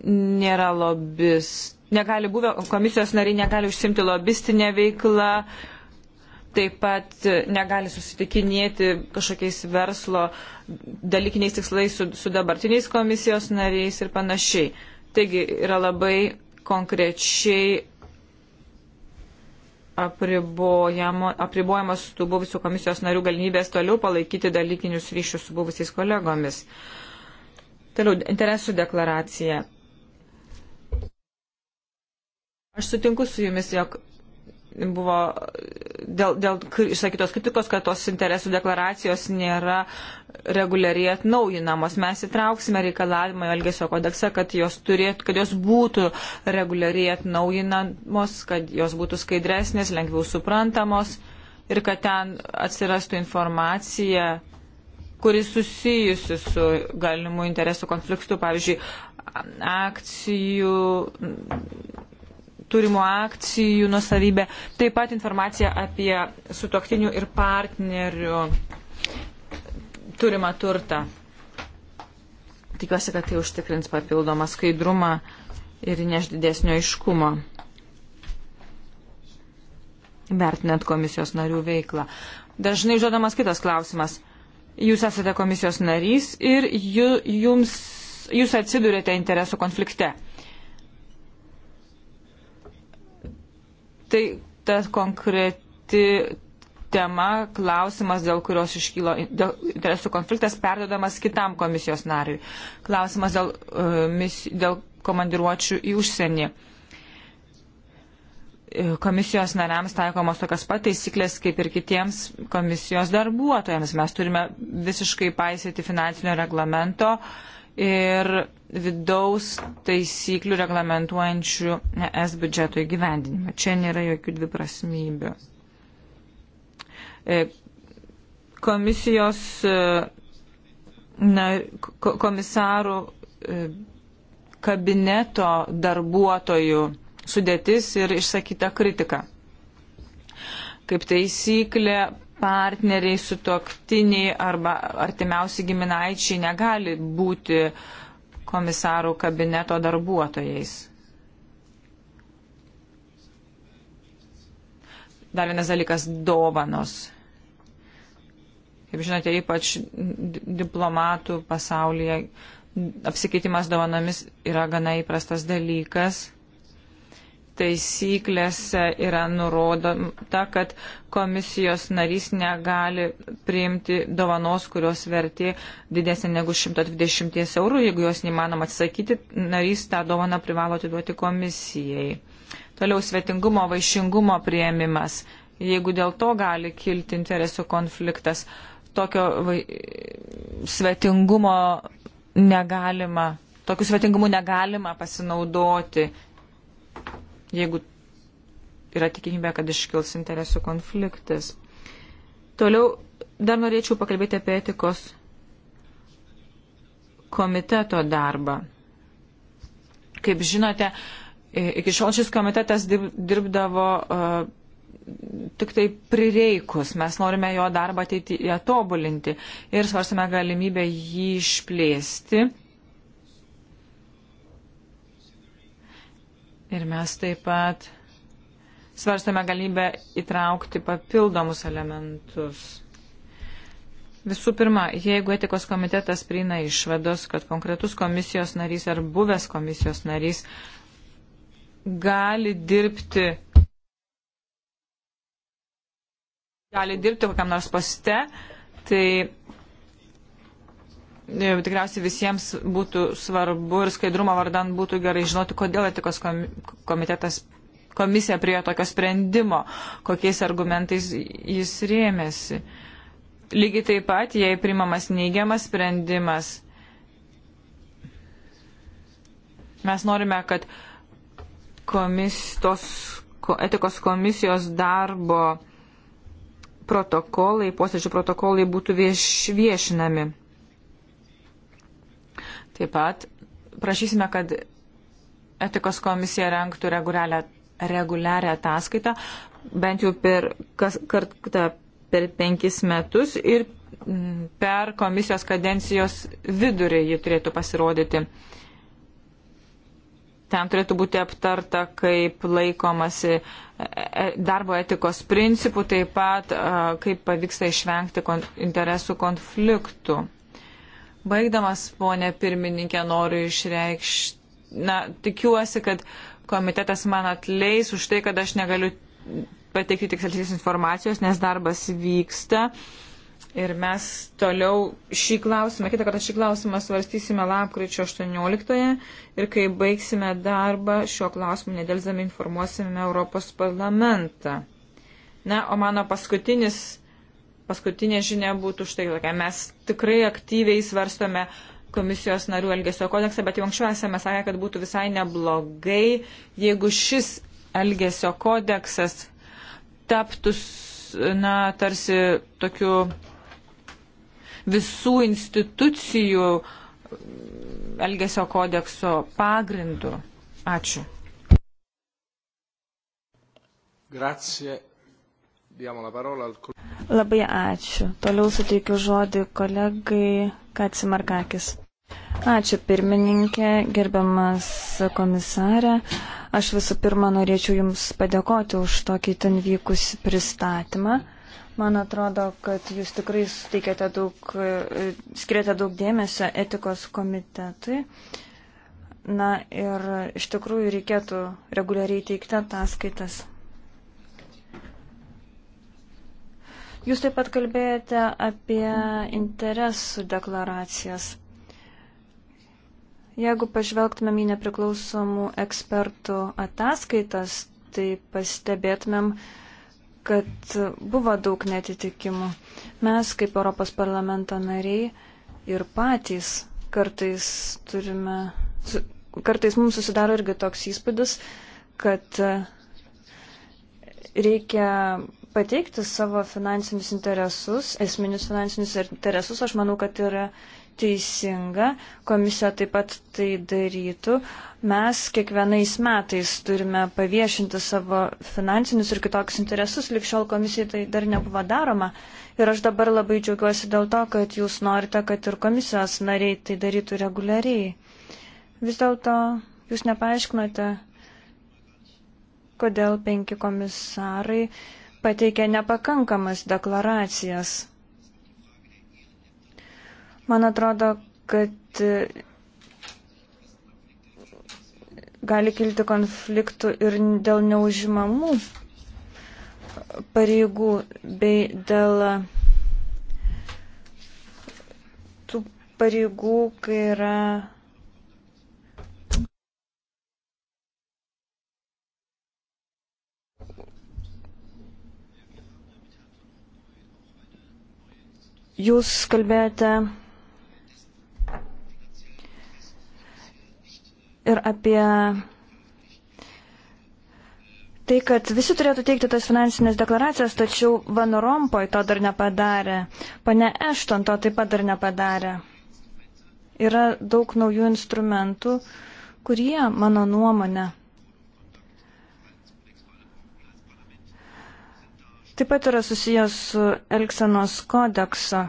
nėra lobis. Negali buvę, komisijos nariai negali užsimti lobistinę veiklą taip pat negali susitikinėti kažkokiais verslo dalykiniais tikslais su, su dabartiniais komisijos nariais ir panašiai. Taigi yra labai konkrečiai apribojamas tų buvusių komisijos narių galimybės toliau palaikyti dalykinius ryšius su buvusiais kolegomis. Toliau, interesų deklaracija. Aš sutinku su jumis, jog buvo dėl, dėl išsakytos kritikos, kad tos interesų deklaracijos nėra reguliariai atnaujinamos. Mes įtrauksime reikalavimą į Elgesio kodeksą, kad jos, turėt, kad jos būtų reguliariai atnaujinamos, kad jos būtų skaidresnės, lengviau suprantamos ir kad ten atsirastų informacija kuris susijusi su galimu interesų konfliktu, pavyzdžiui, akcijų turimo akcijų nusavybė, taip pat informacija apie sutoktinių ir partnerių turimą turtą. Tikiuosi, kad tai užtikrins papildomą skaidrumą ir neš didesnio iškumo. Vertinant komisijos narių veiklą. Dažnai užduodamas kitas klausimas. Jūs esate komisijos narys ir ju, jums, jūs atsidūrėte interesų konflikte. Tai ta konkreti tema, klausimas, dėl kurios iškylo dėl interesų konfliktas, perdodamas kitam komisijos nariui. Klausimas dėl, e, dėl komandiruočių į užsienį. E, komisijos nariams taikomos tokias pat taisyklės kaip ir kitiems komisijos darbuotojams. Mes turime visiškai paisyti finansinio reglamento ir vidaus taisyklių reglamentuojančių ES biudžeto įgyvendinimą. Čia nėra jokių dviprasmybių. E, komisijos e, na, komisarų e, kabineto darbuotojų sudėtis ir išsakyta kritika. Kaip taisyklė, partneriai, sutoktiniai arba artimiausi giminaičiai negali būti uh, komisarų kabineto darbuotojais. Dar vienas dalykas - dovanos. Kaip žinote, ypač diplomatų pasaulyje apsikeitimas dovanomis yra gana įprastas dalykas taisyklėse yra nurodota, kad komisijos narys negali priimti dovanos, kurios vertė didesnė negu 120 eurų. Jeigu jos neįmanoma atsisakyti, narys tą dovaną privalo atiduoti komisijai. Toliau svetingumo, vaišingumo prieimimas. Jeigu dėl to gali kilti interesų konfliktas, tokio vai... svetingumo negalima tokiu svetingumu negalima pasinaudoti, jeigu yra tikimybė, kad iškils interesų konfliktas. Toliau dar norėčiau pakalbėti apie etikos komiteto darbą. Kaip žinote, iki šiol šis komitetas dirbdavo uh, tik tai prireikus. Mes norime jo darbą ateityje tobulinti ir svarstame galimybę jį išplėsti Ir mes taip pat svarstame galimybę įtraukti papildomus elementus. Visų pirma, jeigu etikos komitetas prieina išvados, kad konkretus komisijos narys ar buvęs komisijos narys gali dirbti, gali dirbti kokiam nors poste, tai E, tikriausiai visiems būtų svarbu ir skaidrumo vardan būtų gerai žinoti, kodėl etikos komitetas komisija prie tokio sprendimo, kokiais argumentais jis rėmėsi. Lygiai taip pat, jei primamas neigiamas sprendimas, mes norime, kad komis, tos etikos komisijos darbo protokolai, posėdžių protokolai būtų vieš, viešinami. Taip pat prašysime, kad etikos komisija renktų reguliarią ataskaitą, bent jau per kas, kartą per penkis metus ir mm, per komisijos kadencijos vidurį ji turėtų pasirodyti. Ten turėtų būti aptarta, kaip laikomasi e, e, darbo etikos principų, taip pat kaip pavyksta išvengti interesų konfliktų. Baigdamas, ponė pirmininkė, noriu išreikšti, na, tikiuosi, kad komitetas man atleis už tai, kad aš negaliu pateikti tikslesnės informacijos, nes darbas vyksta. Ir mes toliau šį klausimą, kitą kartą šį klausimą svarstysime lapkričio 18-ąją ir kai baigsime darbą, šio klausimu nedėlzami informuosime Europos parlamentą. Na, o mano paskutinis paskutinė žinia būtų štai tokia. Mes tikrai aktyviai svarstome komisijos narių elgesio kodeksą, bet jau anksčiau esame sakę, kad būtų visai neblogai, jeigu šis elgesio kodeksas taptų, na, tarsi tokiu visų institucijų elgesio kodekso pagrindu. Ačiū. Grazie. Diamo la parola al Labai ačiū. Toliau suteikiu žodį kolegai Kacimarkakis. Ačiū pirmininkė, gerbiamas komisarė. Aš visų pirma norėčiau Jums padėkoti už tokį ten vykusi pristatymą. Man atrodo, kad jūs tikrai suteikėte daug, skiriate daug dėmesio etikos komitetui. Na ir iš tikrųjų reikėtų reguliariai teikti ataskaitas. Jūs taip pat kalbėjote apie interesų deklaracijas. Jeigu pažvelgtumėm į nepriklausomų ekspertų ataskaitas, tai pastebėtumėm, kad buvo daug netitikimų. Mes, kaip Europos parlamento nariai, ir patys kartais turime, kartais mums susidaro irgi toks įspūdis, kad reikia pateikti savo finansinius interesus, esminius finansinius interesus, aš manau, kad yra teisinga, komisija taip pat tai darytų. Mes kiekvienais metais turime paviešinti savo finansinius ir kitokius interesus, likščiol komisijai tai dar nebuvo daroma. Ir aš dabar labai džiaugiuosi dėl to, kad jūs norite, kad ir komisijos nariai tai darytų reguliariai. Vis dėlto jūs nepaaiškinote, kodėl penki komisarai pateikė nepakankamas deklaracijas. Man atrodo, kad e, gali kilti konfliktų ir dėl neužimamų pareigų bei dėl tų pareigų, kai yra Jūs kalbėjote ir apie tai, kad visi turėtų teikti tas finansinės deklaracijas, tačiau Van Rompoj to dar nepadarė, pane Ešton to taip pat dar nepadarė. Yra daug naujų instrumentų, kurie, mano nuomonė, taip pat yra susijęs su Elksenos kodekso.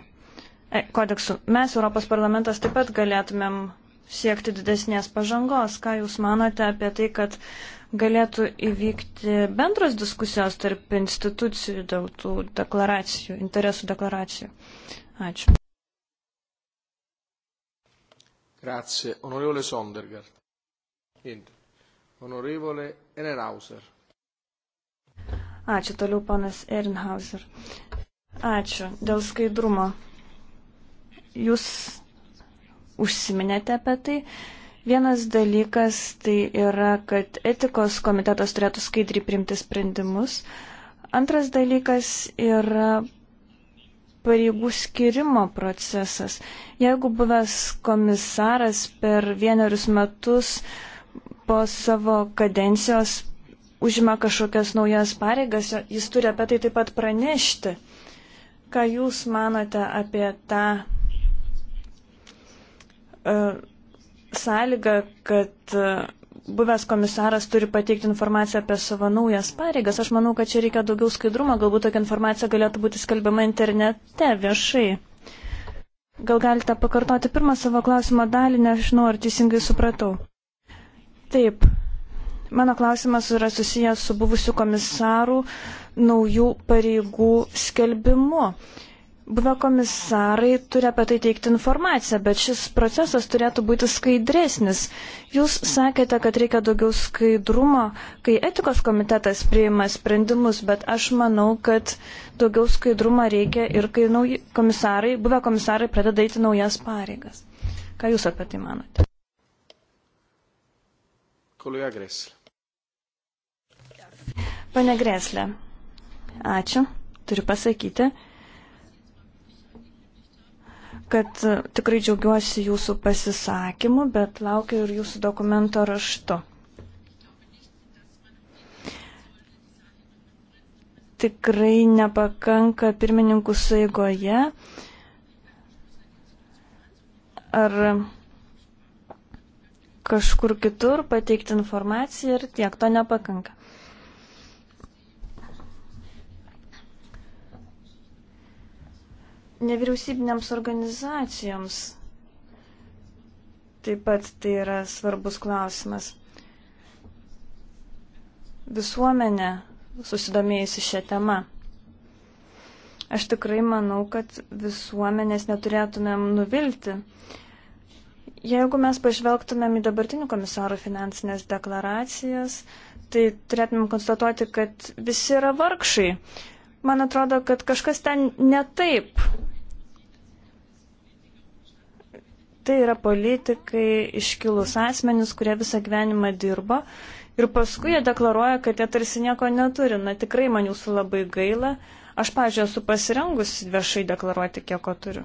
E, kodeksu. Mes, Europos parlamentas, taip pat galėtumėm siekti didesnės pažangos. Ką Jūs manote apie tai, kad galėtų įvykti bendros diskusijos tarp institucijų dėl tų deklaracijų, interesų deklaracijų? Ačiū. Grazie. Onorevole Sondergaard. Niente. Onorevole Enenhauser. Ačiū toliau, panas Erinhauser. Ačiū dėl skaidrumo. Jūs užsiminėte apie tai. Vienas dalykas tai yra, kad etikos komitetas turėtų skaidriai priimti sprendimus. Antras dalykas yra pareigų skirimo procesas. Jeigu buvęs komisaras per vienerius metus po savo kadencijos užima kažkokias naujas pareigas, jis turi apie tai taip pat pranešti. Ką Jūs manote apie tą uh, sąlygą, kad uh, buvęs komisaras turi pateikti informaciją apie savo naujas pareigas? Aš manau, kad čia reikia daugiau skaidrumo, galbūt tokia informacija galėtų būti skelbiama internete viešai. Gal galite pakartoti pirmą savo klausimo dalį, nežinau, ar teisingai supratau. Taip, Mano klausimas yra susijęs su buvusių komisarų naujų pareigų skelbimu. Buvę komisarai turi apie tai teikti informaciją, bet šis procesas turėtų būti skaidresnis. Jūs sakėte, kad reikia daugiau skaidrumo, kai etikos komitetas priima sprendimus, bet aš manau, kad daugiau skaidrumo reikia ir kai nauji komisarai, buvę komisarai pradeda eiti naujas pareigas. Ką Jūs apie tai manote? Kolega Greslė. Pane Greslė, ačiū. Turiu pasakyti, kad tikrai džiaugiuosi jūsų pasisakymu, bet laukiu ir jūsų dokumento raštu. Tikrai nepakanka pirmininkų saigoje. Ar kažkur kitur pateikti informaciją ir tiek to nepakanka. Nevyriausybinėms organizacijoms taip pat tai yra svarbus klausimas. Visuomenė susidomėjusi šią temą. Aš tikrai manau, kad visuomenės neturėtumėm nuvilti. Jeigu mes pažvelgtumėm į dabartinių komisarų finansinės deklaracijas, tai turėtumėm konstatuoti, kad visi yra vargšai. Man atrodo, kad kažkas ten ne taip. tai yra politikai iškilus asmenys, kurie visą gyvenimą dirbo ir paskui jie deklaruoja, kad jie tarsi nieko neturi. Na tikrai man jūsų labai gaila. Aš, pažiūrėjau, esu pasirengusi viešai deklaruoti, kiek ko turiu.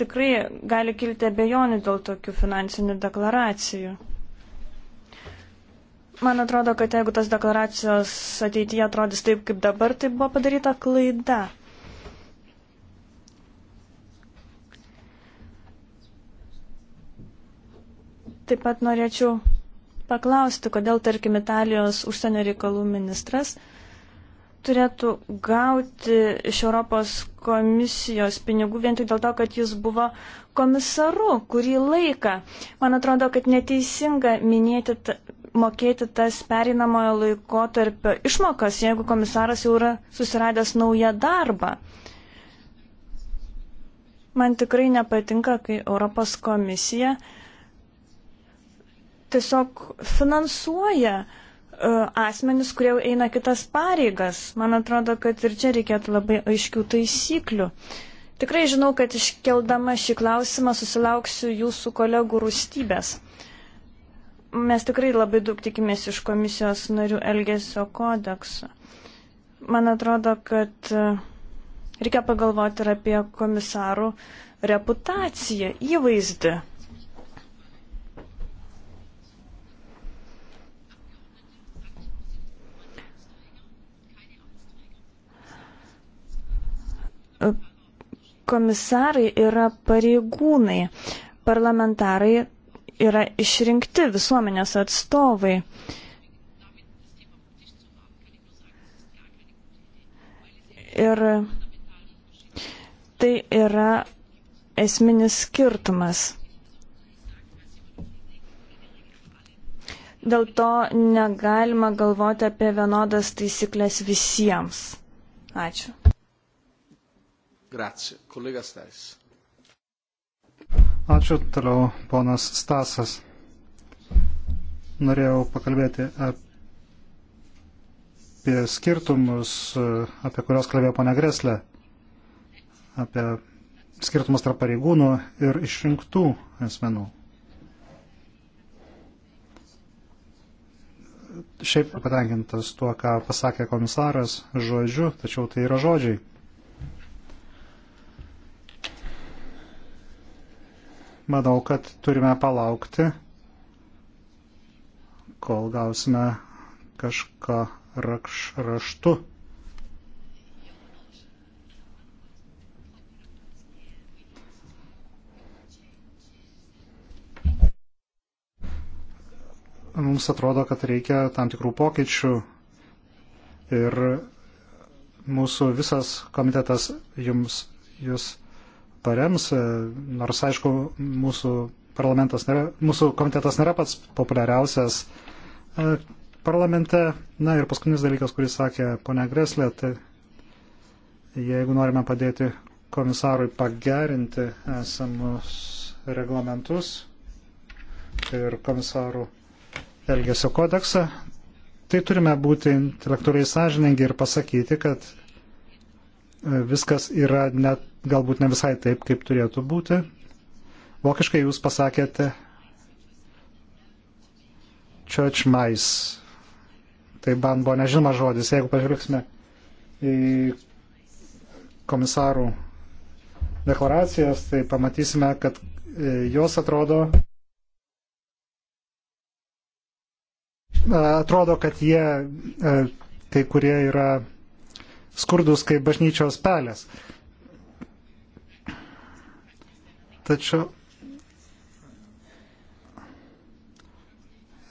Tikrai gali kilti abejonių dėl tokių finansinių deklaracijų. Man atrodo, kad jeigu tas deklaracijos ateityje atrodys taip, kaip dabar, tai buvo padaryta klaida. Taip pat norėčiau paklausti, kodėl, tarkim, Italijos užsienio reikalų ministras turėtų gauti iš Europos komisijos pinigų vien tik dėl to, kad jis buvo komisaru kurį laiką. Man atrodo, kad neteisinga minėti, mokėti tas perinamojo laiko tarp išmokas, jeigu komisaras jau yra susiradęs naują darbą. Man tikrai nepatinka, kai Europos komisija uh, tiesiog finansuoja e, asmenis, kurie eina kitas pareigas. Man atrodo, kad ir čia reikėtų labai aiškių taisyklių. Tikrai žinau, kad iškeldama šį klausimą susilauksiu jūsų kolegų rūstybės. Mes tikrai labai daug tikimės iš komisijos narių elgesio kodekso. Man atrodo, kad e, reikia pagalvoti ir apie komisarų reputaciją, įvaizdį. Komisarai yra pareigūnai, parlamentarai yra išrinkti visuomenės atstovai. Ir tai yra esminis skirtumas. Dėl to negalima galvoti apie vienodas taisyklės visiems. Ačiū. Grazie. Kolega Stais. Ačiū toliau, ponas Stasas. Norėjau pakalbėti apie skirtumus, apie kurios kalbėjo ponia Greslė, apie skirtumus tarp pareigūnų ir išrinktų asmenų. Šiaip patenkintas tuo, ką pasakė komisaras žodžiu, tačiau tai yra žodžiai. manau, kad turime palaukti, kol gausime kažką rakš, raštu. Mums atrodo, kad reikia tam tikrų pokyčių ir mūsų visas komitetas jums jūs parems, e, nors aišku, mūsų, nėra, mūsų komitetas nėra pats populiariausias e, parlamente. Na ir paskutinis dalykas, kurį sakė ponia Greslė, tai jeigu norime padėti komisarui pagerinti esamus reglamentus ir komisarų elgesio kodeksą, tai turime būti intelektualiai sąžiningi ir pasakyti, kad e, viskas yra net galbūt ne visai taip, kaip turėtų būti. Vokiškai jūs pasakėte church mice. Tai man buvo nežinomas žodis. Jeigu pažvelgsime į komisarų deklaracijas, tai pamatysime, kad e, jos atrodo. Atrodo, kad jie e, kai kurie yra skurdus kaip bažnyčios pelės. Uh, Tačiau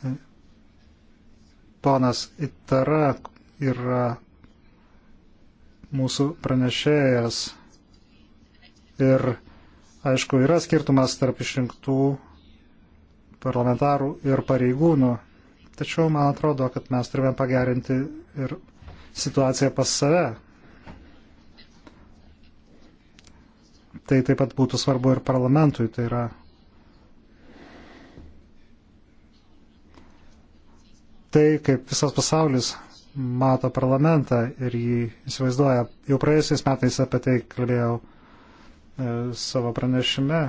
e, ponas Itara yra mūsų pranešėjas ir aišku yra skirtumas tarp išrinktų parlamentarų ir pareigūnų. Tačiau man atrodo, kad mes turime pagerinti ir situaciją pas save. tai taip pat būtų svarbu ir parlamentui, tai yra tai, kaip visas pasaulis mato parlamentą ir jį įsivaizduoja. Jau praėjusiais metais apie tai kalbėjau e, savo pranešime.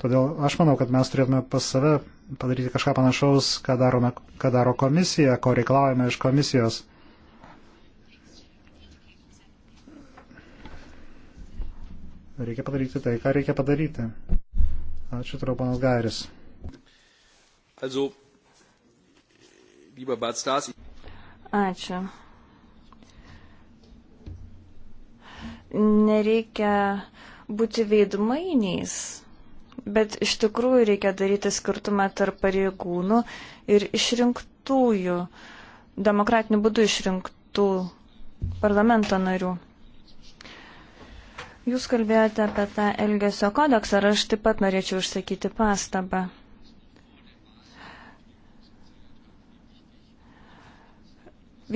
Todėl aš manau, kad mes turėtume pas save padaryti kažką panašaus, ką, darome, ką daro komisija, ko reikalaujame iš komisijos. Reikia padaryti tai, ką reikia padaryti. Ačiū, turiu panas Gairis. Also, lieber Bart Stas. Ačiū. Nereikia būti veidmainiais, bet iš tikrųjų reikia daryti skirtumą tarp pareigūnų ir išrinktųjų, demokratiniu būdu išrinktų parlamento narių. Jūs kalbėjote apie tą Elgesio kodeksą, ar aš taip pat norėčiau išsakyti pastabą.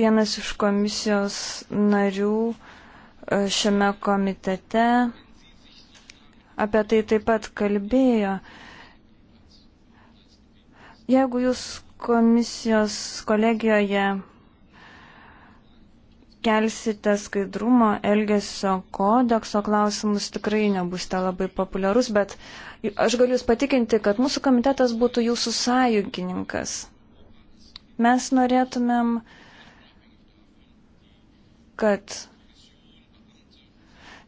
Vienas iš komisijos narių e, šiame komitete apie tai taip pat kalbėjo. Jeigu jūs komisijos kolegijoje kelsite skaidrumo elgesio kodekso klausimus, tikrai nebusite labai populiarus, bet aš galiu Jūs patikinti, kad mūsų komitetas būtų Jūsų sąjungininkas. Mes norėtumėm, kad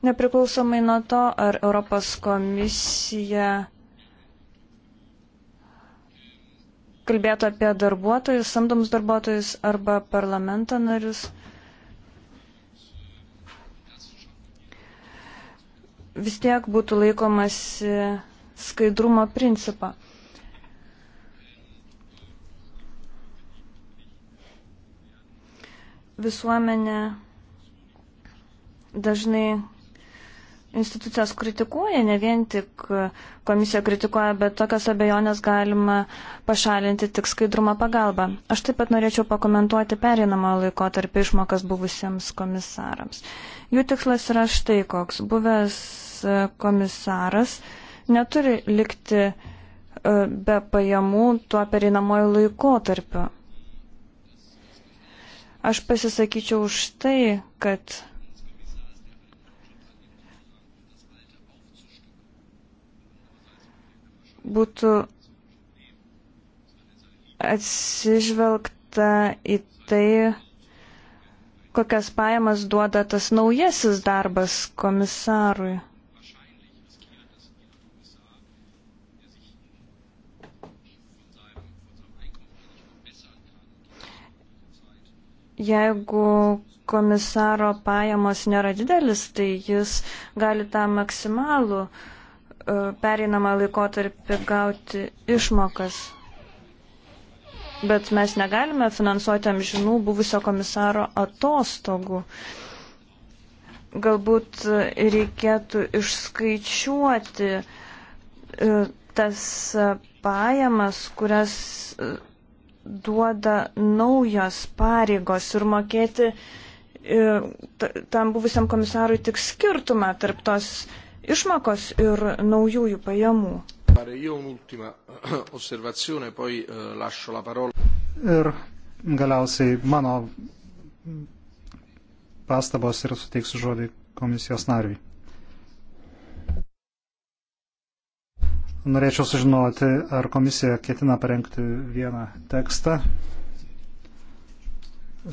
nepriklausomai nuo to, ar Europos komisija kalbėtų apie darbuotojus, samdomus darbuotojus arba parlamento narius, vis tiek būtų laikomas skaidrumo principą. Visuomenė dažnai institucijos kritikuoja, ne vien tik komisija kritikuoja, bet tokias abejonės galima pašalinti tik skaidrumo pagalba. Aš taip pat norėčiau pakomentuoti perinamą laikotarpį išmokas buvusiems komisarams. Jų tikslas yra štai koks. Buvęs komisaras neturi likti e, be pajamų tuo pereinamojų laikotarpiu. Aš pasisakyčiau už tai, kad būtų atsižvelgta į tai, kokias pajamas duoda tas naujasis darbas komisarui. Jeigu komisaro pajamos nėra didelis, tai jis gali tą maksimalų e, pereinamą laikotarpį gauti išmokas. Bet mes negalime finansuoti amžinų buvusio komisaro atostogų. Galbūt reikėtų išskaičiuoti e, tas pajamas, kurias duoda naujos pareigos ir mokėti e, tam buvusiam komisarui tik skirtumą tarp tos išmokos ir naujųjų pajamų. Eh, ir galiausiai mano pastabos ir suteiksiu žodį komisijos nariui. Norėčiau sužinoti, ar komisija ketina parengti vieną tekstą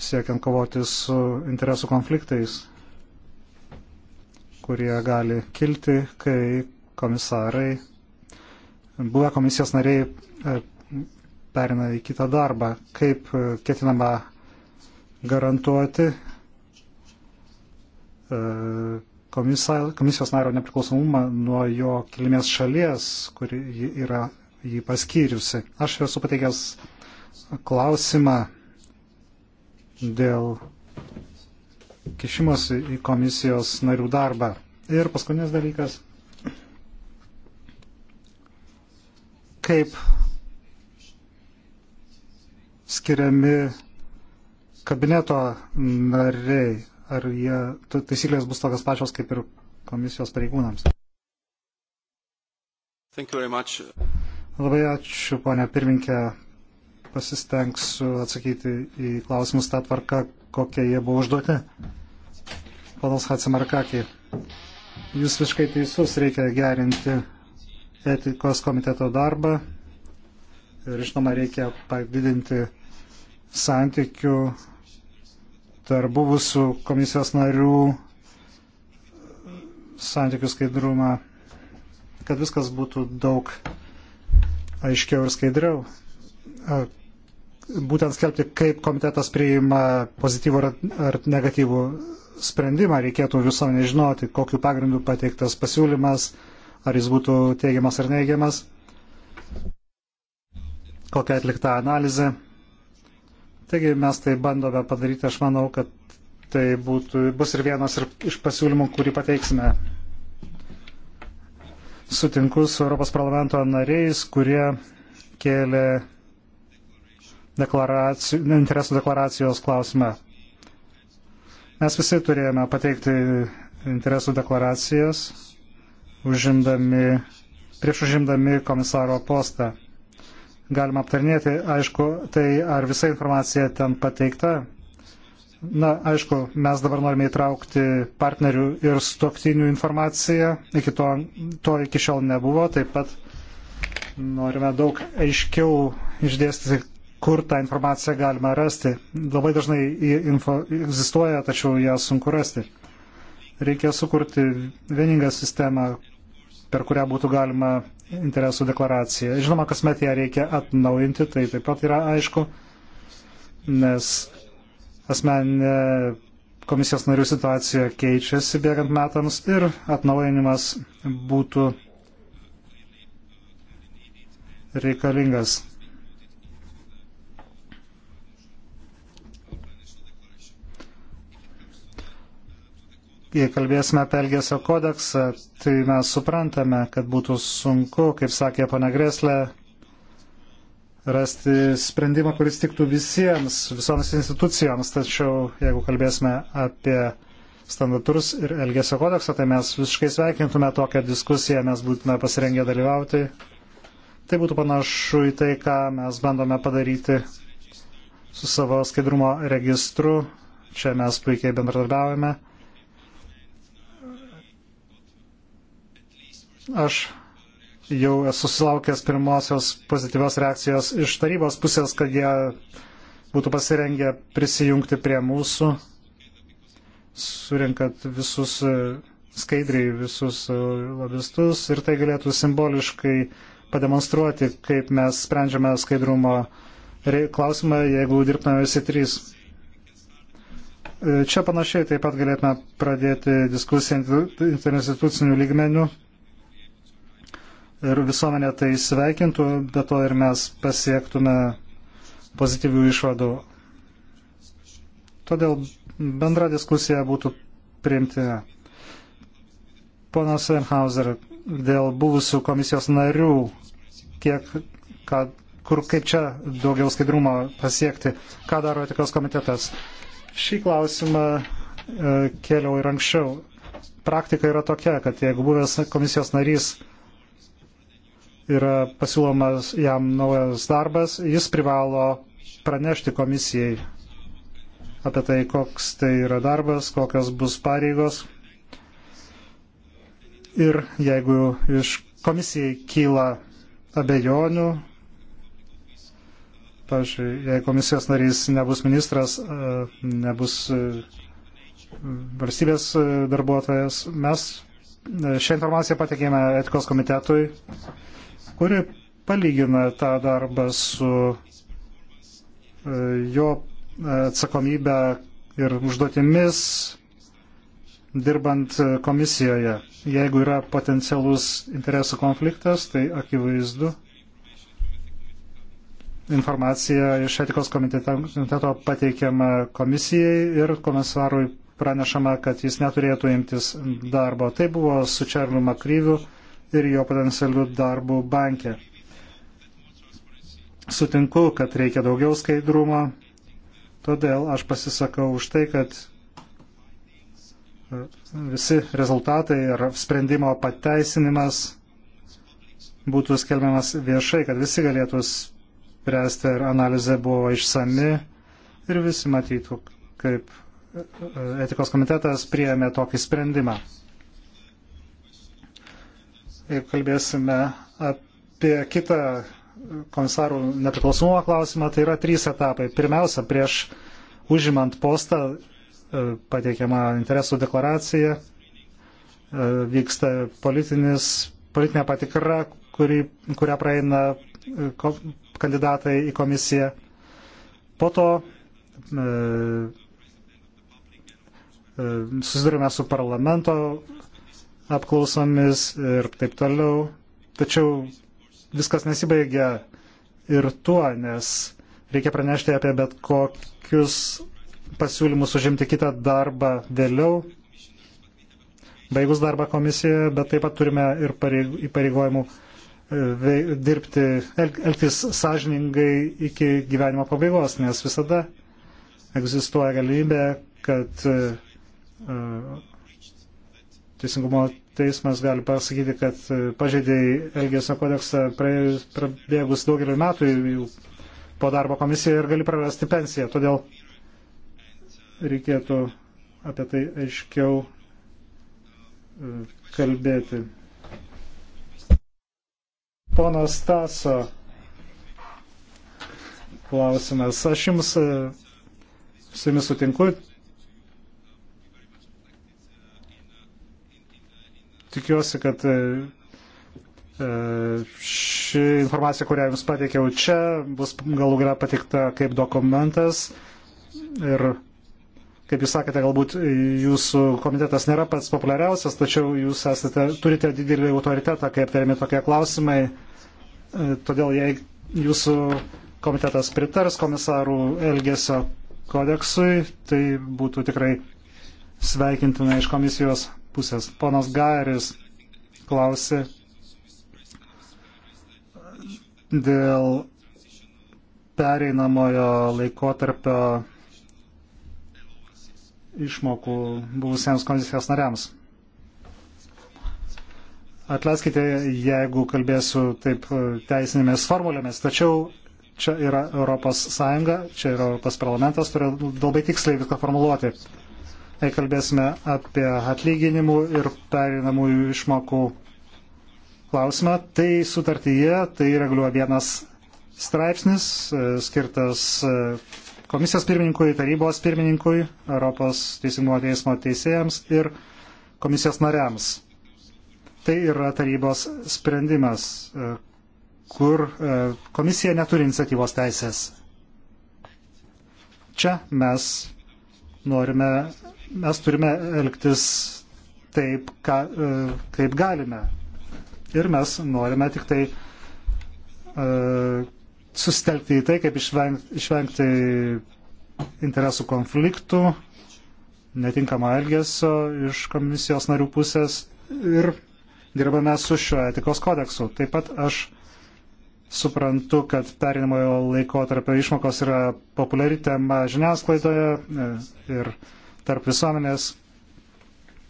siekiant kovoti su interesų konfliktais, kurie gali kilti, kai komisarai, buvę komisijos nariai e, perina į kitą darbą. Kaip e, ketinama garantuoti e, komisijos nario nepriklausomumą nuo jo kilmės šalies, kuri yra jį paskyriusi. Aš esu pateikęs klausimą dėl kišimosi į komisijos narių darbą. Ir paskutinis dalykas, kaip skiriami kabineto nariai, ar jie, taisyklės bus tokios pačios kaip ir komisijos pareigūnams. Labai ačiū, ponia pirminkė. Pasistengsiu atsakyti į klausimus tą tvarką, kokie jie buvo užduoti. Panas Hatsimarkakį. Jūs visiškai teisus, reikia gerinti etikos komiteto darbą ir, žinoma, reikia padidinti santykių tarp buvusių komisijos narių santykių skaidrumą, kad viskas būtų daug aiškiau ir skaidriau. Būtent skelbti, kaip komitetas priima pozityvų ar negatyvų sprendimą, reikėtų visuomenė žinoti, kokiu pagrindu pateiktas pasiūlymas, ar jis būtų teigiamas ar neigiamas, kokia atlikta analizė Taigi mes tai bandome padaryti, aš manau, kad tai būtų, bus ir vienas ir iš pasiūlymų, kurį pateiksime. Sutinku su Europos parlamento nariais, kurie kėlė deklaracijų, interesų deklaracijos klausimą. Mes visi turėjome pateikti interesų deklaracijas, užimdami, prieš užimdami komisaro postą galima aptarnėti, aišku, tai ar visa informacija ten pateikta. Na, aišku, mes dabar norime įtraukti partnerių ir stoktinių informaciją, iki to, to iki šiol nebuvo, taip pat norime daug aiškiau išdėstyti, kur tą informaciją galima rasti. Labai dažnai info egzistuoja, tačiau ją sunku rasti. Reikia sukurti vieningą sistemą, per kurią būtų galima interesų deklaraciją. Žinoma, kasmet ją reikia atnaujinti, tai taip pat yra aišku, nes asmeninė komisijos narių situacija keičiasi bėgant metams ir atnaujinimas būtų reikalingas. jei kalbėsime apie Elgėsio kodeksą, tai mes suprantame, kad būtų sunku, kaip sakė pana Greslė, rasti sprendimą, kuris tiktų visiems, visoms institucijoms. Tačiau jeigu kalbėsime apie standartus ir Elgėsio kodeksą, tai mes visiškai sveikintume tokią diskusiją, mes būtume pasirengę dalyvauti. Tai būtų panašu į tai, ką mes bandome padaryti su savo skaidrumo registru. Čia mes puikiai bendradarbiaujame. Aš jau esu susilaukęs pirmosios pozityvios reakcijos iš tarybos pusės, kad jie būtų pasirengę prisijungti prie mūsų, surinkat visus e, skaidriai visus e, lobistus ir tai galėtų simboliškai pademonstruoti, kaip mes sprendžiame skaidrumo klausimą, jeigu dirbtume visi trys. E, čia panašiai taip pat galėtume pradėti diskusiją interinstitucinių lygmenių ir visuomenė tai sveikintų, bet to ir mes pasiektume pozityvių išvadų. Todėl bendra diskusija būtų priimtina. Ponas Enhauser, dėl buvusių komisijos narių, kiek, kad, kur, kaip čia daugiau skaidrumo pasiekti, ką daro etikos komitetas. Šį klausimą e, kėliau ir anksčiau. Praktika yra tokia, kad jeigu buvęs komisijos narys yra pasiūlomas jam naujas darbas, jis privalo pranešti komisijai apie tai, koks tai yra darbas, kokios bus pareigos. Ir jeigu iš komisijai kyla abejonių, pavyzdžiui, jei komisijos narys nebus ministras, e, nebus e, valstybės e, darbuotojas, mes šią informaciją patikėme etikos komitetui kuri palygina tą darbą su e, jo e, atsakomybę ir užduotimis dirbant komisijoje. Jeigu yra potencialus interesų konfliktas, tai akivaizdu. Informacija iš etikos komiteto pateikiama komisijai ir komisarui pranešama, kad jis neturėtų imtis darbo. Tai buvo su Čarliu Makryviu ir jo potencialių darbų bankė. Sutinku, kad reikia daugiau skaidrumo, todėl aš pasisakau už tai, kad e, visi rezultatai ir sprendimo pateisinimas būtų skelbiamas viešai, kad visi galėtų spręsti, ar analizė buvo išsami ir visi matytų, kaip e, e, etikos komitetas priėmė tokį sprendimą kalbėsime apie kitą komisarų nepriklausomumo klausimą, tai yra trys etapai. Pirmiausia, prieš užimant postą e, pateikiama interesų deklaracija, e, vyksta politinis, politinė patikra, kuri, kurią praeina e, kandidatai į komisiją. Po to susidurime su parlamento apklausomis ir taip toliau. Tačiau viskas nesibaigia ir tuo, nes reikia pranešti apie bet kokius pasiūlymus užimti kitą darbą vėliau, baigus darbą komisijoje, bet taip pat turime ir įpareigojimų e, dirbti, elgtis sąžiningai iki gyvenimo pabaigos, nes visada egzistuoja galimybė, kad e, teisingumo teismas gali pasakyti, kad e, pažeidėjai Elgesio kodeksą prabėgus daugelį metų po darbo komisiją ir gali prarasti pensiją. Todėl reikėtų apie tai aiškiau e, kalbėti. Pono Staso klausimas. Aš jums e, su jumis sutinku, tikiuosi, kad e, e, ši informacija, kurią Jums pateikiau čia, bus galų gale pateikta kaip dokumentas. Ir, kaip Jūs sakėte, galbūt Jūsų komitetas nėra pats populiariausias, tačiau Jūs esate, turite didelį autoritetą, kai aptariami tokie klausimai. E, todėl, jei Jūsų komitetas pritars komisarų elgesio kodeksui, tai būtų tikrai sveikintina iš komisijos pusės. Ponas Gairis klausė dėl pereinamojo laikotarpio išmokų buvusiems komisijos nariams. Atleiskite, jeigu kalbėsiu taip teisinėmis formulėmis, tačiau čia yra Europos Sąjunga, čia yra Europos parlamentas, turiu labai tiksliai viską formuluoti kalbėsime apie atlyginimų ir perinamųjų išmokų klausimą. Tai sutartyje tai reguliuoja vienas straipsnis e, skirtas e, komisijos pirmininkui, tarybos pirmininkui, Europos teisingumo teismo teisėjams ir komisijos nariams. Tai yra tarybos sprendimas, e, kur komisija neturi iniciatyvos teisės. Čia mes norime mes turime elgtis taip, ka, e, kaip galime. Ir mes norime tik tai uh, susitelkti į tai, kaip išvengti, išvengti interesų konfliktų, netinkamo elgesio iš komisijos narių pusės ir dirbame su šiuo etikos kodeksu. Taip pat aš suprantu, kad perinamojo laiko tarp išmokos yra populiari tema žiniasklaidoje e, ir uh, tarp visuomenės.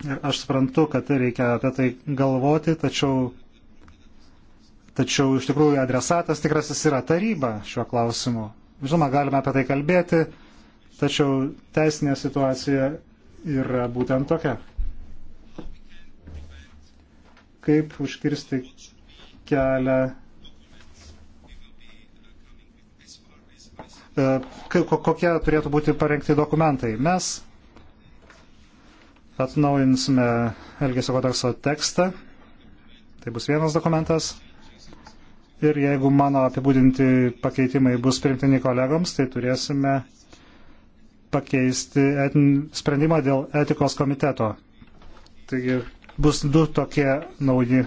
Ir aš suprantu, kad reikia apie tai galvoti, tačiau, tačiau iš tikrųjų adresatas tikrasis yra taryba šiuo klausimu. Žinoma, galime apie tai kalbėti, tačiau teisinė situacija yra būtent tokia. Kaip užkirsti kelią e, kokie turėtų būti parengti dokumentai. Mes Atnaujinsime Elgesio kodekso tekstą. Tai bus vienas dokumentas. Ir jeigu mano apibūdinti pakeitimai bus primtini kolegoms, tai turėsime pakeisti etin, sprendimą dėl etikos komiteto. Taigi bus du tokie nauji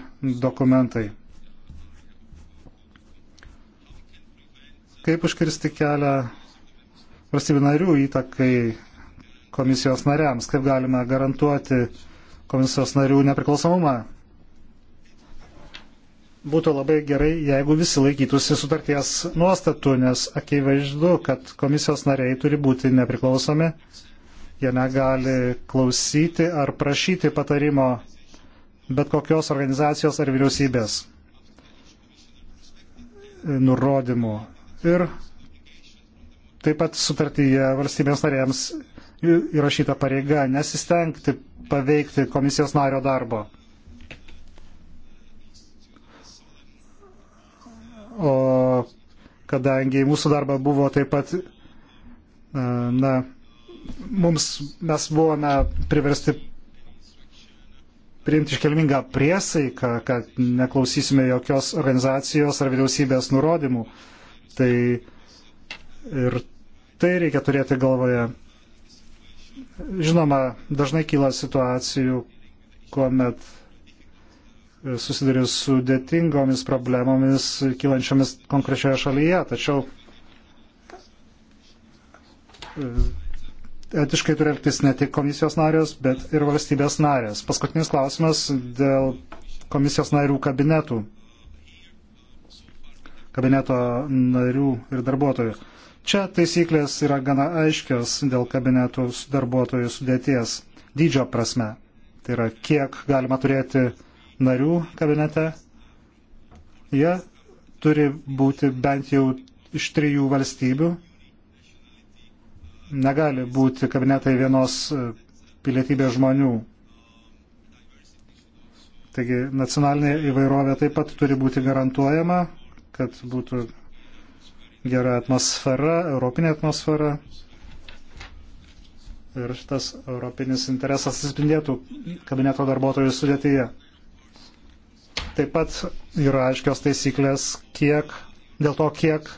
dokumentai. Kaip užkirsti kelią valstybių narių įtakai komisijos nariams, kaip galime garantuoti komisijos narių nepriklausomumą. Būtų labai gerai, jeigu visi laikytųsi sutarties nuostatų, nes akivaizdu, kad komisijos nariai turi būti nepriklausomi, jie negali klausyti ar prašyti patarimo bet kokios organizacijos ar vyriausybės nurodymų. Ir taip pat sutartyje valstybės narėms įrašyta pareiga nesistengti paveikti komisijos nario darbo. O kadangi mūsų darba buvo taip pat, e, na, mums mes buvome priversti priimti iškelmingą priesaiką, kad neklausysime jokios organizacijos ar vyriausybės nurodymų. Tai ir tai reikia turėti galvoje. Žinoma, dažnai kyla situacijų, kuomet susiduriu su dėtingomis problemomis kylančiomis konkrečioje šalyje, tačiau e, etiškai turi elgtis ne tik komisijos narės, bet ir valstybės narės. Paskutinis klausimas dėl komisijos narių kabinetų, kabineto narių ir darbuotojų. Čia taisyklės yra gana aiškios dėl kabinetų darbuotojų sudėties dydžio prasme. Tai yra, kiek galima turėti narių kabinete. Jie turi būti bent jau iš trijų valstybių. Negali būti kabinetai vienos e, pilietybės žmonių. Taigi nacionalinė įvairovė taip pat turi būti garantuojama, kad būtų gera atmosfera, europinė atmosfera. Ir šitas europinis interesas atsispindėtų kabineto darbuotojų sudėtyje. Taip pat yra aiškios taisyklės, kiek, dėl to, kiek,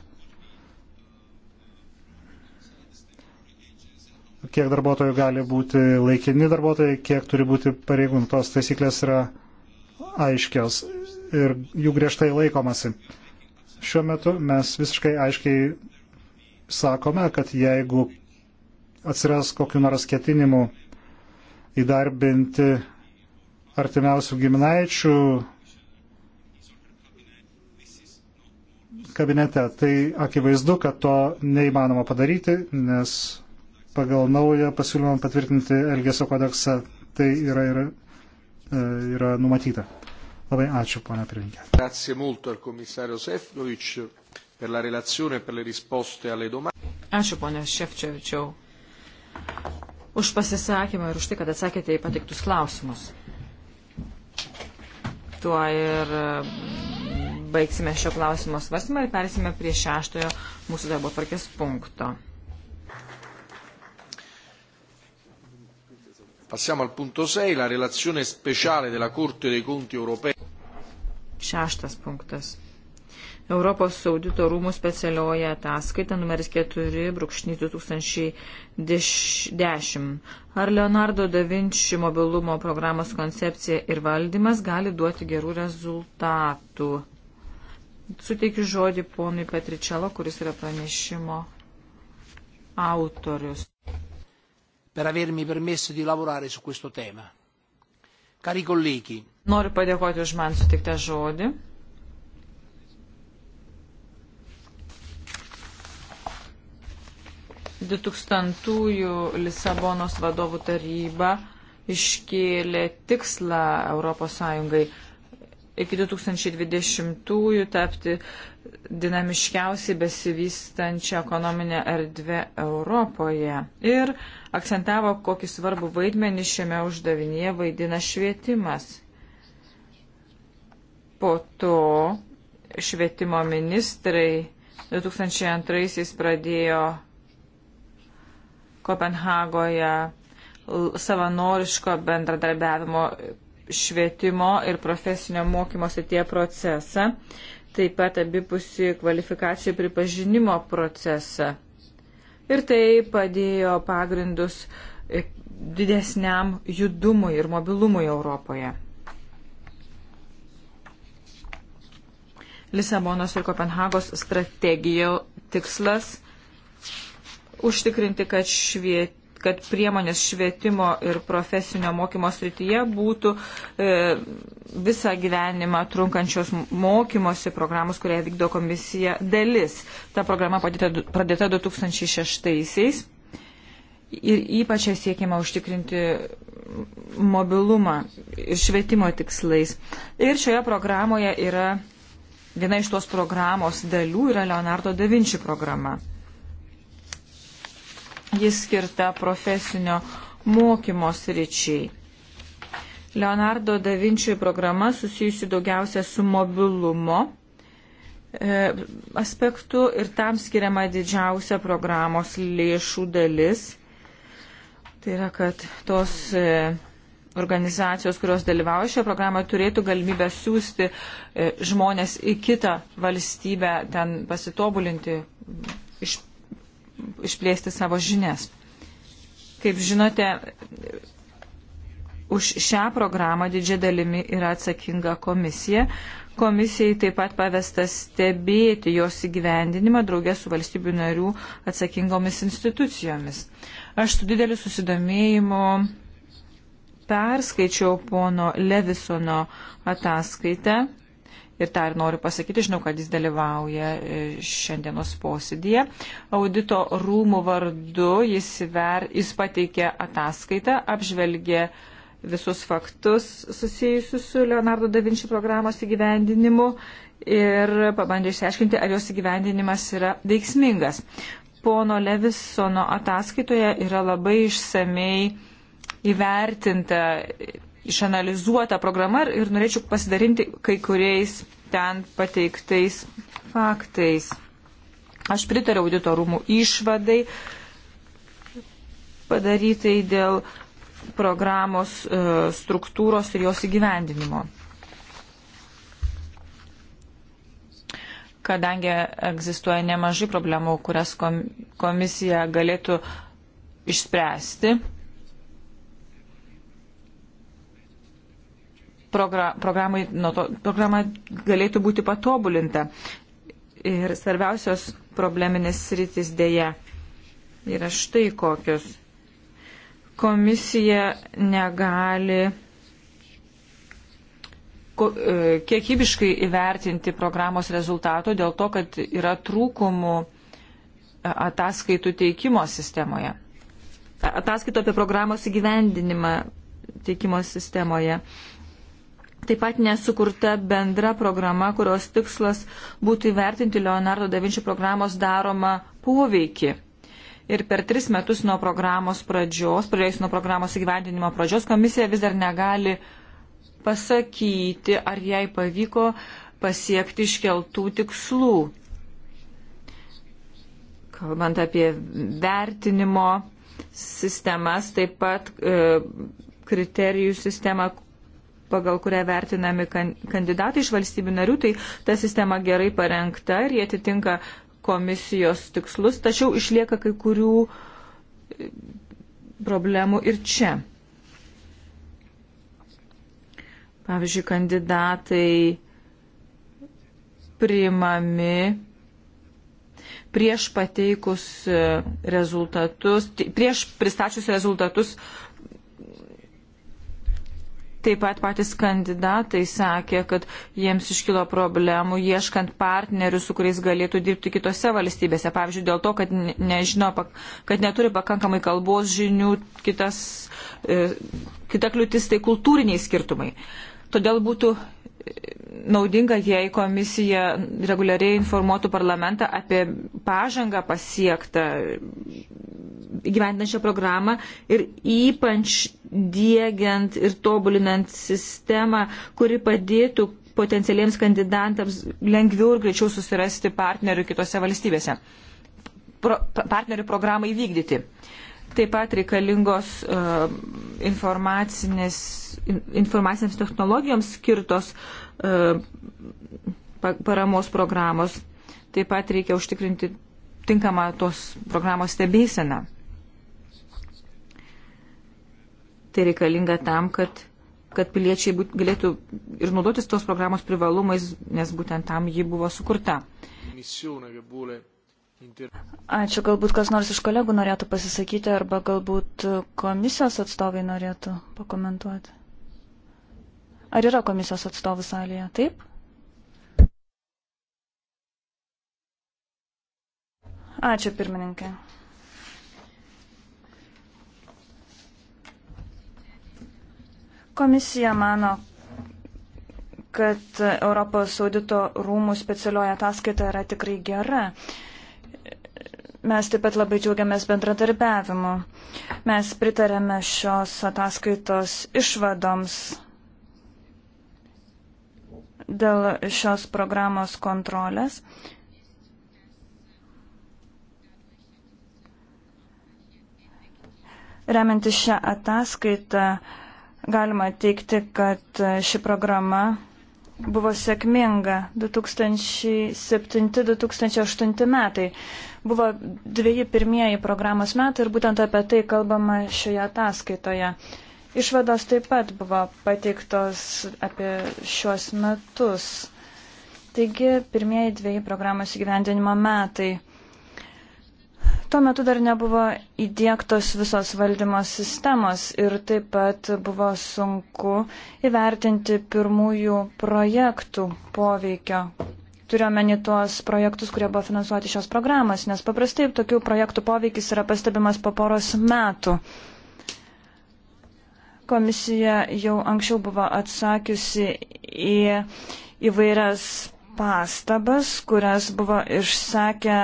kiek darbuotojų gali būti laikini darbuotojai, kiek turi būti pareigūnų. Tos taisyklės yra aiškios ir jų griežtai laikomasi. Šiuo metu mes visiškai aiškiai sakome, kad jeigu atsiras kokiu nors ketinimu įdarbinti artimiausių giminaičių kabinete, tai akivaizdu, kad to neįmanoma padaryti, nes pagal naują pasiūlymą patvirtinti Elgesio kodeksą tai yra, yra, e, yra numatyta. Labai ačiū, ponia Pirinkė. Grazie molto al komisario Sefcovic per la relazione e per le risposte alle domande. Ačiū, ponia Šefčevičiau, už pasisakymą ir už tai, kad atsakėte į patiktus klausimus. Tuo ir e, baigsime šio klausimo svarstymą ir persime prie šeštojo mūsų darbo tvarkės punkto. Passiamo al punto 6, la relazione speciale della Corte dei Conti europei. Šeštas punktas. Europos audito rūmų specialioje ataskaita numeris 4 brūkšnys 2010. Ar Leonardo da Vinci mobilumo programos koncepcija ir valdymas gali duoti gerų rezultatų? Suteikiu žodį ponui Patričelo, kuris yra pranešimo autorius per avermi permesso di lavorare su questo tema. Cari colleghi. Noriu padėkoti už man sutiktą žodį. Dutūkstantųjų Lisabonos vadovų taryba iškėlė tikslą Europos Sąjungai iki 2020-ųjų tapti dinamiškiausiai besivystančią ekonominę erdvę Europoje. Ir akcentavo, kokį svarbų vaidmenį šiame uždavinėje vaidina švietimas. Po to švietimo ministrai 2002-aisiais pradėjo Kopenhagoje savanoriško bendradarbiavimo švietimo ir profesinio mokymo srityje procesą, taip pat abipusi kvalifikacijų pripažinimo procesą. Ir tai padėjo pagrindus e, didesniam judumui ir mobilumui Europoje. Lisabonos ir Kopenhagos strategijų tikslas užtikrinti, kad šviet kad priemonės švietimo ir profesinio mokymo srityje būtų e, visą gyvenimą trunkančios mokymosi programos, kurią vykdo komisija dalis. Ta programa padėta, pradėta 2006-aisiais ir ypač siekiama užtikrinti mobilumą ir švietimo tikslais. Ir šioje programoje yra viena iš tos programos dalių yra Leonardo da Vinci programa jis skirta profesinio mokymo sričiai. Leonardo da Vinčiui programa susijusi daugiausia su mobilumo e, aspektu ir tam skiriama didžiausia programos lėšų dalis. Tai yra, kad tos e, organizacijos, kurios dalyvauja šią programą, turėtų galimybę siūsti e, žmonės į kitą valstybę, ten pasitobulinti, iš, išplėsti savo žinias. Kaip žinote, už šią programą didžia dalimi yra atsakinga komisija. Komisijai taip pat pavestas stebėti jos įgyvendinimą draugė su valstybių narių atsakingomis institucijomis. Aš su dideliu susidomėjimu perskaičiau pono Levisono ataskaitę ir tą ir noriu pasakyti, žinau, kad jis dalyvauja e, šiandienos posėdėje. Audito rūmų vardu jis, ver, jis pateikė ataskaitą, apžvelgė visus faktus susijusius su Leonardo da Vinci programos įgyvendinimu ir pabandė išsiaiškinti, ar jos įgyvendinimas yra veiksmingas. Pono Levisono ataskaitoje yra labai išsamei įvertinta išanalizuota programa ir norėčiau pasidarinti kai kuriais ten pateiktais faktais. Aš pritariu auditorumų išvadai padarytai dėl programos e, struktūros ir jos įgyvendinimo. Kadangi egzistuoja nemažai problemų, kurias komisija galėtų išspręsti, programai, nuo to, programa galėtų būti patobulinta. Ir svarbiausios probleminės sritis dėja yra štai kokios. Komisija negali e, kiekybiškai įvertinti programos rezultato dėl to, kad yra trūkumų ataskaitų teikimo sistemoje. Ataskaito apie programos įgyvendinimą teikimo sistemoje. Taip pat nesukurta bendra programa, kurios tikslas būtų įvertinti Leonardo da Vinci programos daromą poveikį. Ir per tris metus nuo programos pradžios, praėjus nuo programos įgyvendinimo pradžios, komisija vis dar negali pasakyti, ar jai pavyko pasiekti iškeltų tikslų. Kalbant apie vertinimo sistemas, taip pat e, kriterijų sistemą, pagal kurią vertinami kandidatai iš valstybių narių, tai ta sistema gerai parengta ir jie atitinka komisijos tikslus, tačiau išlieka kai kurių e, problemų ir čia. Pavyzdžiui, kandidatai priimami prieš pateikus e, rezultatus, prieš pristačius rezultatus Taip pat patys kandidatai sakė, kad jiems iškilo problemų ieškant partnerių, su kuriais galėtų dirbti kitose valstybėse. Pavyzdžiui, dėl to, kad, nežino, kad neturi pakankamai kalbos žinių, kitas, e, kita kliūtis tai kultūriniai skirtumai. Todėl būtų naudinga, jei komisija reguliariai informuotų parlamentą apie pažangą pasiektą gyventinančią programą ir ypač dėgiant ir tobulinant sistemą, kuri padėtų potencialiems kandidatams lengviau ir greičiau susirasti partnerių kitose valstybėse, pro, partnerių programą įvykdyti. Uh, Taip pat reikalingos uh, informacinės, informacinėms technologijoms skirtos uh, paramos programos. Taip pat reikia užtikrinti tinkamą tos programos stebėseną. Tai reikalinga tam, kad, kad piliečiai būt, galėtų ir naudotis tos programos privalumais, nes būtent tam ji buvo sukurta. Misione, Ačiū, galbūt kas nors iš kolegų norėtų pasisakyti arba galbūt komisijos atstovai norėtų pakomentuoti. Ar yra komisijos atstovų salėje? Taip? Ačiū, pirmininkė. Komisija mano, kad Europos audito rūmų specialioja ataskaita yra tikrai gera. Uh, Mes taip pat labai džiaugiamės bendradarbiavimu. Mes pritarėme šios ataskaitos išvadoms dėl šios programos kontrolės. Remiantis šią ataskaitą, galima teikti, kad ši programa buvo sėkminga 2007-2008 metai. Buvo dviejai pirmieji programos metai ir būtent apie tai kalbama šioje ataskaitoje. Išvados taip pat buvo pateiktos apie šiuos metus. Taigi pirmieji dviejai programos įgyvendinimo metai. Tuo metu dar nebuvo įdėktos visos valdymo sistemos ir taip pat buvo sunku įvertinti pirmųjų projektų poveikio. Turiuomenį tuos projektus, kurie buvo finansuoti šios programos, nes paprastai tokių projektų poveikis yra pastebimas po poros metų. Komisija jau anksčiau buvo atsakiusi į įvairias pastabas, kurias buvo išsakę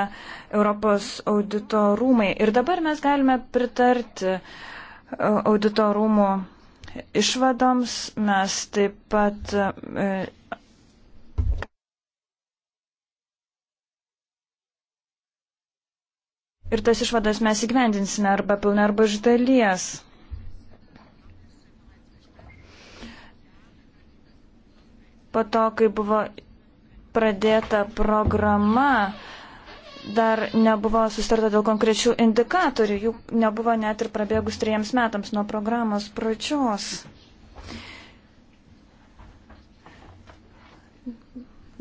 Europos audito rūmai. Ir dabar mes galime pritarti e, audito rūmų išvadoms. Mes taip pat. E, ir tas išvadas mes įgyvendinsime arba pilna arba iš dalies. po to, kai buvo pradėta programa, dar nebuvo sustarta dėl konkrečių indikatorių, jų nebuvo net ir prabėgus trejams metams nuo programos pradžios.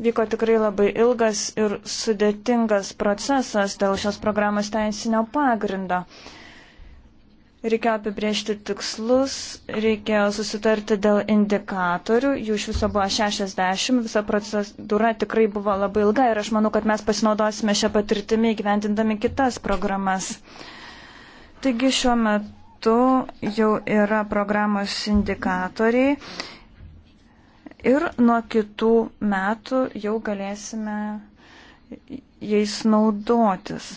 Vyko tikrai labai ilgas ir sudėtingas procesas dėl šios programos teisinio pagrindo. Uh, Reikėjo apibriežti tikslus, reikėjo susitarti dėl indikatorių, jų iš viso buvo 60, visa procedūra tikrai buvo labai ilga ir aš manau, kad mes pasinaudosime šią patirtimį gyventindami kitas programas. Taigi šiuo metu jau yra programos indikatoriai ir nuo kitų metų jau galėsime jais naudotis.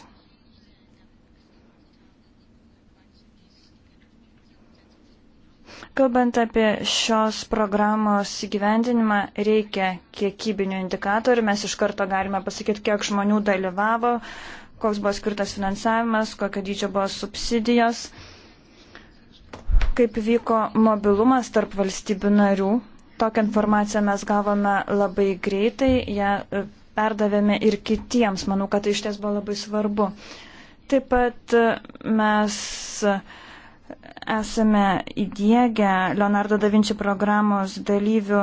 Kalbant apie šios programos įgyvendinimą, reikia kiekybinių indikatorių. Mes iš karto galime pasakyti, kiek žmonių dalyvavo, koks buvo skirtas finansavimas, kokio dydžio buvo subsidijos, kaip vyko mobilumas tarp valstybių narių. Tokią informaciją mes gavome labai greitai, ją e, perdavėme ir kitiems. Manau, kad tai iš ties buvo labai svarbu. Taip pat e, mes esame įdėgę Leonardo da Vinci programos dalyvių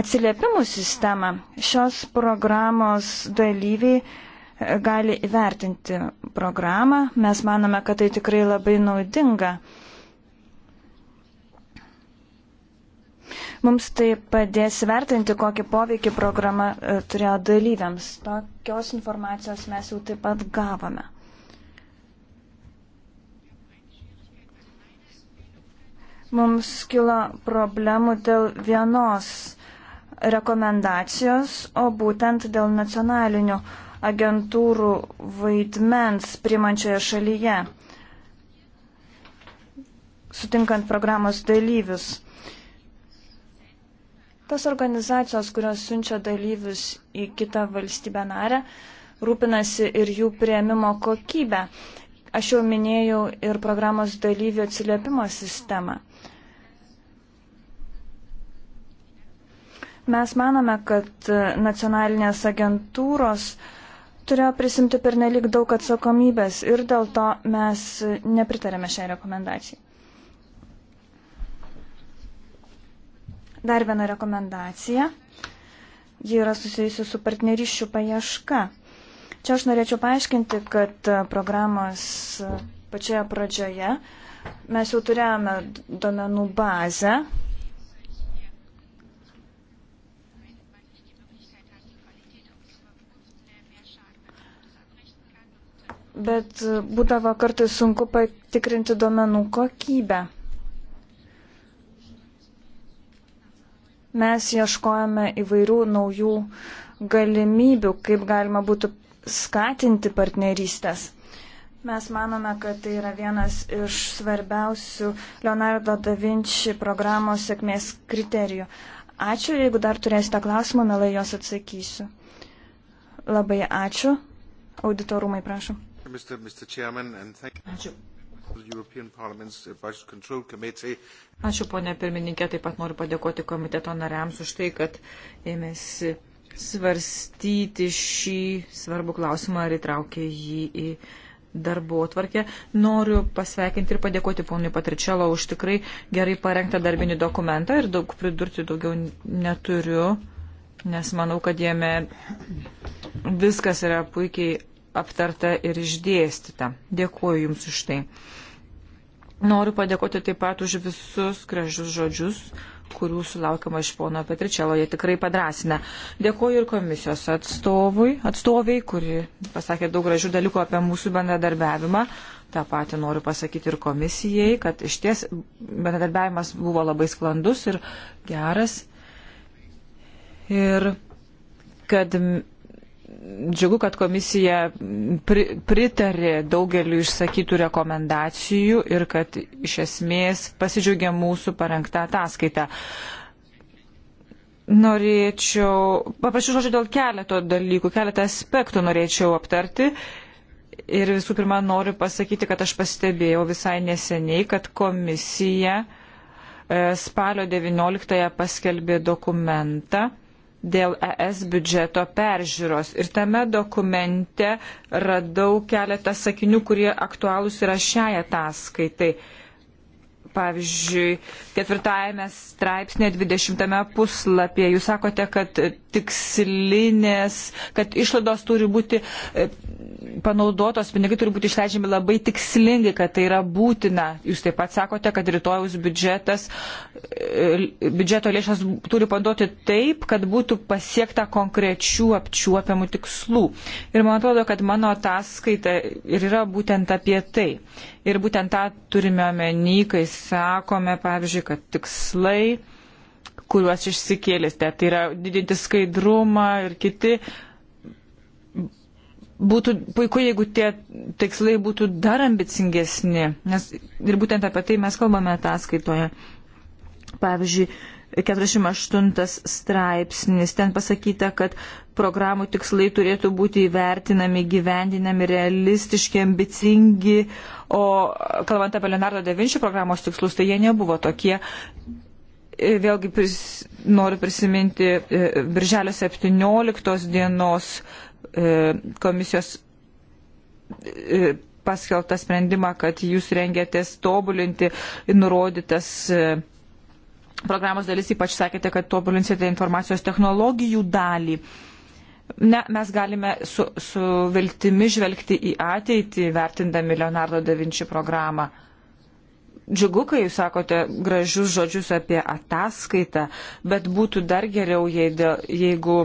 atsiliepimų sistemą. Šios programos dalyviai e, gali įvertinti programą. Mes manome, kad tai tikrai labai naudinga. Mums tai padės vertinti, kokį poveikį programa e, turėjo dalyviams. Tokios informacijos mes jau taip pat gavome. Mums kilo problemų dėl vienos rekomendacijos, o būtent dėl nacionalinių agentūrų vaidmens primančioje šalyje, sutinkant programos dalyvius. Tas organizacijos, kurios siunčia dalyvius į kitą valstybę narę, rūpinasi ir jų prieimimo kokybę. Aš jau minėjau ir programos dalyvių atsiliepimo sistemą. Mes manome, kad nacionalinės agentūros turėjo prisimti per nelik daug atsakomybės ir dėl to mes nepritarėme šiai rekomendacijai. Dar viena rekomendacija. Ji yra susijusi su partneriščių paieška. Čia aš norėčiau paaiškinti, kad e, programos e, pačioje pradžioje mes jau turėjome domenų bazę. Bet e, būdavo kartais sunku patikrinti duomenų kokybę. Mes ieškojame įvairių naujų galimybių, kaip galima būtų skatinti partnerystės. Mes manome, kad tai yra vienas iš svarbiausių Leonardo da Vinci programos sėkmės kriterijų. Ačiū, jeigu dar turėsite klausimą, melai jos atsakysiu. Labai ačiū. Auditorumai, prašom. Mr. Mr. Chairman, ačiū. Ačiū, ponė pirmininkė, taip pat noriu padėkoti komiteto nariams už tai, kad ėmėsi. Ėmės svarstyti šį svarbų klausimą ir įtraukė jį į darbo atvarkę. Noriu pasveikinti ir padėkoti ponui Patričelo už tikrai gerai parengtą darbinį dokumentą ir daug pridurti daugiau neturiu, nes manau, kad jame viskas yra puikiai aptarta ir išdėstyta. Dėkuoju Jums už tai. Noriu padėkoti taip pat už visus gražius žodžius kurių sulaukama iš pono Petričelo, jie tikrai padrasina. Dėkuoju ir komisijos atstovui, atstoviai, kuri pasakė daug gražių dalykų apie mūsų bendradarbiavimą. Ta pati noriu pasakyti ir komisijai, kad iš ties bendradarbiavimas buvo labai sklandus ir geras. Ir kad džiugu, kad komisija pri, pritarė daugeliu išsakytų rekomendacijų ir kad iš esmės pasidžiaugia mūsų parengta ataskaita. Norėčiau, paprašau žodžio dėl keleto dalykų, keletą aspektų norėčiau aptarti. Ir visų pirma, noriu pasakyti, kad aš pastebėjau visai neseniai, kad komisija e, spalio 19 paskelbė dokumentą dėl ES biudžeto peržiūros. Ir tame dokumente radau keletą sakinių, kurie aktualūs yra šiai ataskaitai. Tai Pavyzdžiui, ketvirtajame straipsnė 20 puslapyje jūs sakote, kad tikslinės, kad išlaidos turi būti e, panaudotos, pinigai turi būti išleidžiami labai tikslingai, kad tai yra būtina. Jūs taip pat sakote, kad rytojus biudžetas, e, biudžeto lėšas turi panduoti taip, kad būtų pasiekta konkrečių apčiuopiamų tikslų. Ir man atrodo, kad mano ataskaita ir yra būtent apie tai. Ir būtent tą turime omeny, kai sakome, pavyzdžiui, kad tikslai, kuriuos išsikėlėte, tai yra didinti skaidrumą ir kiti, būtų puiku, jeigu tie tikslai būtų dar ambicingesni, nes ir būtent apie tai mes kalbame ataskaitoje. Pavyzdžiui, 48 straipsnis. Ten pasakyta, kad programų tikslai turėtų būti įvertinami, gyvendinami, realistiški, ambicingi, o kalbant apie Leonardo da Vinci programos tikslus, tai jie nebuvo tokie. E, vėlgi pris, noriu prisiminti e, Birželio 17 dienos e, komisijos paskelbtą sprendimą, kad jūs rengėtės tobulinti nurodytas programos dalis, ypač sakėte, kad tobulinsite informacijos technologijų dalį. Ne, mes galime su, su viltimi žvelgti į ateitį, vertindami Leonardo da Vinci programą. Džiugu, kai jūs sakote gražius žodžius apie ataskaitą, bet būtų dar geriau, jeigu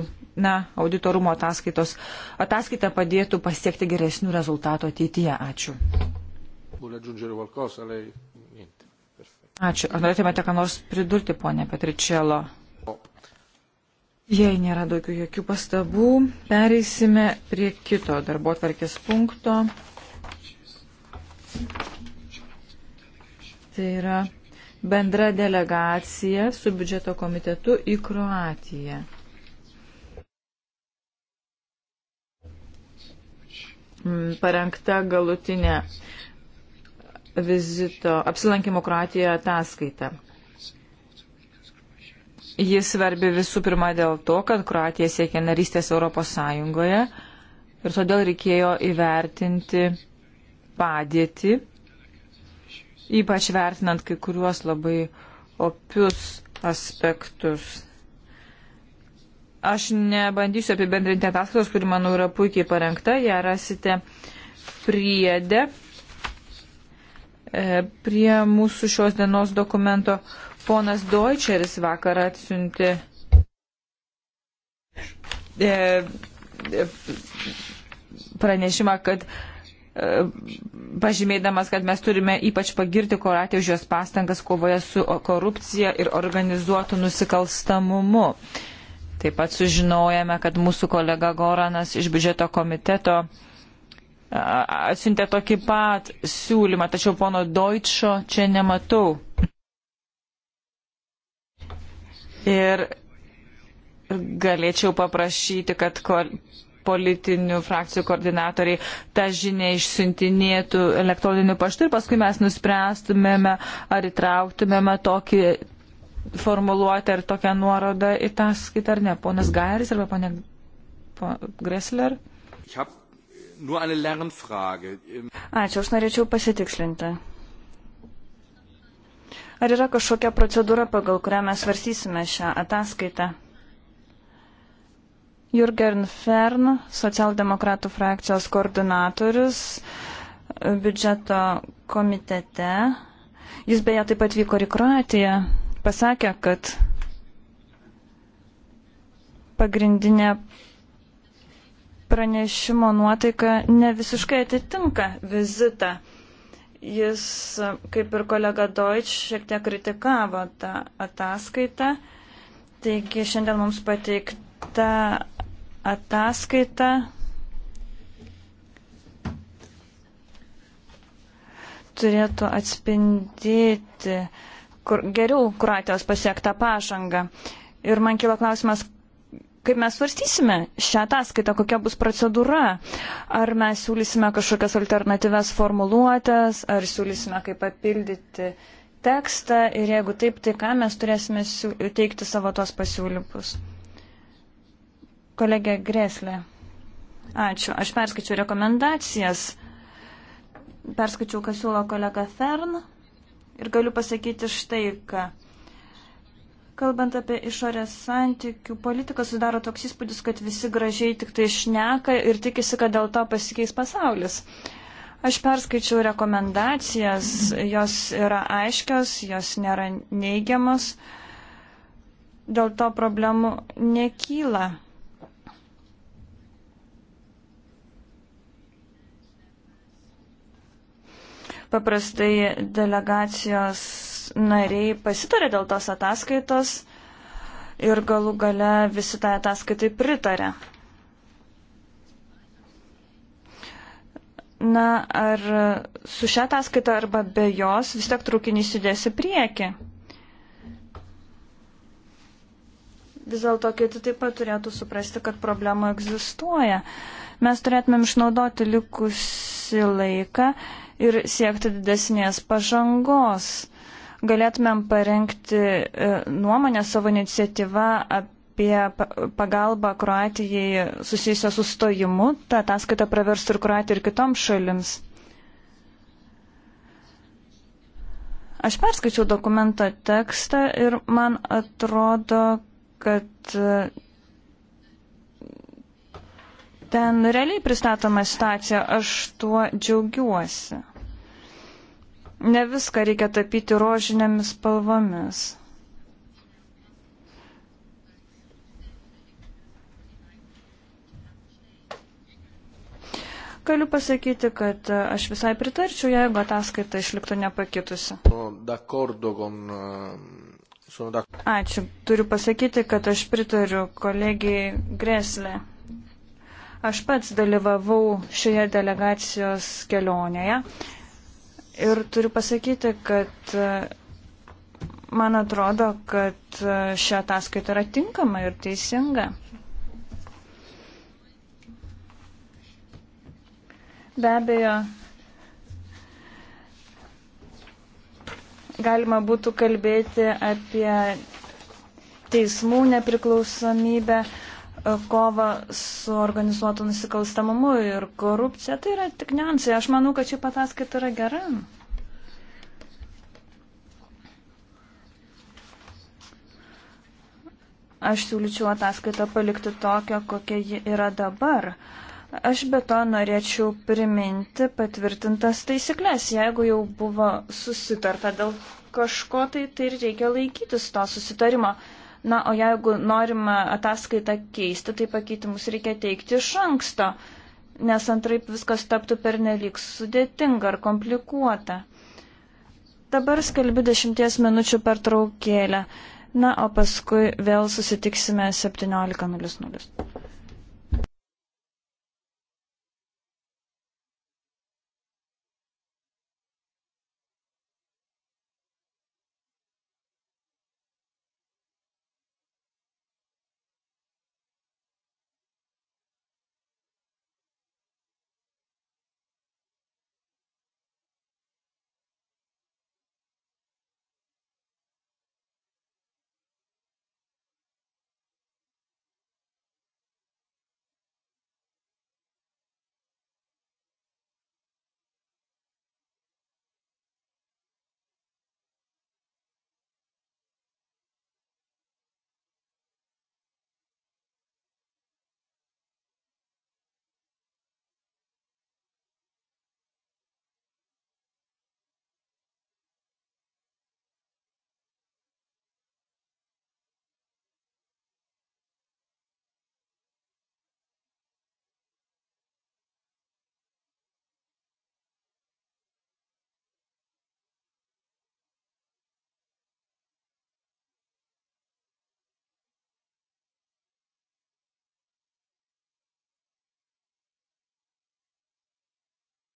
na, auditorumo ataskaitos ataskaita padėtų pasiekti geresnių rezultatų ateityje. Ačiū. Ačiū. Ar norėtumėte ką nors pridurti, ponė Petričelo? Jei nėra daugiau jokių pastabų, pereisime prie kito darbo tvarkės punkto. Tai yra bendra delegacija su biudžeto komitetu į Kroatiją. Mm, parengta galutinė vizito apsilankimo Kroatijoje ataskaitą. Jis svarbi visų pirma dėl to, kad Kroatija siekia narystės Europos Sąjungoje ir todėl reikėjo įvertinti padėtį, ypač vertinant kai kuriuos labai opius aspektus. Aš nebandysiu apibendrinti ataskaitos, kuri, manau, yra puikiai parengta, ją rasite priedė E, prie mūsų šios dienos dokumento ponas Deutscheris vakar atsiunti e, e, pranešimą, kad pažymėdamas, kad mes turime ypač pagirti Kroatiją už jos pastangas kovoje su korupcija ir organizuotu nusikalstamumu. Taip pat sužinojame, kad mūsų kolega Goranas iš biudžeto komiteto uh, atsiuntė tokį pat siūlymą, tačiau pono Deutscho čia nematau. Ir galėčiau paprašyti, kad politinių frakcijų koordinatoriai tą žinę išsiuntinėtų elektroniniu paštu ir paskui mes nuspręstumėme ar įtrauktumėme tokį formuluotę ar tokią nuorodą į tą skaitą ar ne. Ponas Gairis arba ponė po, Gressler? Ich hab nur eine Lernfrage. Ačiū, aš norėčiau pasitikslinti. Ar yra kažkokia procedūra, pagal kurią mes svarstysime šią ataskaitą? Jurgen Fern, socialdemokratų frakcijos koordinatorius biudžeto komitete, jis beje taip pat vyko ir į Kroatiją, pasakė, kad pagrindinė pranešimo nuotaika ne visiškai atitinka vizitą. Jis, kaip ir kolega Deutsch, šiek tiek kritikavo tą ataskaitą. Taigi šiandien mums pateikta ataskaita. turėtų atspindėti kur, geriau Kroatijos pasiektą pažangą. Ir man kilo klausimas, kaip mes svarstysime šią ataskaitą, kokia bus procedūra, ar mes siūlysime kažkokias alternatyves formuluotės, ar siūlysime kaip papildyti tekstą ir jeigu taip, tai ką mes turėsime teikti savo tos pasiūlymus. Kolegė Greslė. Ačiū. Aš perskaičiu rekomendacijas. Perskaičiau, ką siūlo kolega Fern. Ir galiu pasakyti štai, ką. Ka Kalbant apie išorės santykių politiką, sudaro toks įspūdis, kad visi gražiai tik tai šneka ir tikisi, kad dėl to pasikeis pasaulis. Aš perskaičiau rekomendacijas, jos yra aiškios, jos nėra neigiamos, dėl to problemų nekyla. Paprastai delegacijos nariai pasitarė dėl tos ataskaitos ir galų gale visi tą tai ataskaitai pritarė. Na, ar su šią ataskaitą arba be jos vis tiek traukinys judės į priekį? Vis dėlto kiti taip pat turėtų suprasti, kad problema egzistuoja. Mes turėtumėm išnaudoti likusi laiką ir siekti didesnės pažangos galėtumėm parengti e, nuomonę savo iniciatyvą apie pagalbą Kroatijai susijusią su stojimu. Ta ataskaita praverstų ir Kroatijai, ir kitoms šalims. Aš perskaičiau dokumento tekstą ir man atrodo, kad e, ten realiai pristatoma situacija, aš tuo džiaugiuosi. Ne viską reikia tapyti rožinėmis spalvomis. Galiu pasakyti, kad aš visai pritarčiau, jeigu ataskaita išliktų nepakitusi. Eh, Ačiū. Turiu pasakyti, kad aš pritariu kolegijai Greslė. Aš pats dalyvavau šioje delegacijos kelionėje Ir turiu pasakyti, kad e, man atrodo, kad e, ši ataskaita yra tinkama ir teisinga. Be abejo, galima būtų kalbėti apie teismų nepriklausomybę, kovą su organizuotu nusikalstamumu ir korupcija. Tai yra tik niansai. Aš manau, kad ši pataskaita yra gera. Aš siūlyčiau ataskaitą palikti tokią, kokia ji yra dabar. Aš be to norėčiau priminti patvirtintas taisyklės. Jeigu jau buvo susitarta dėl kažko, tai, tai reikia laikytis to susitarimo. Uh, Na, o jeigu norima ataskaitą keisti, tai pakeitimus reikia teikti iš anksto, nes antraip viskas taptų pernelyg sudėtinga ar komplikuota. Dabar skalbi dešimties minučių per traukėlę. Na, o paskui vėl susitiksime 17.00.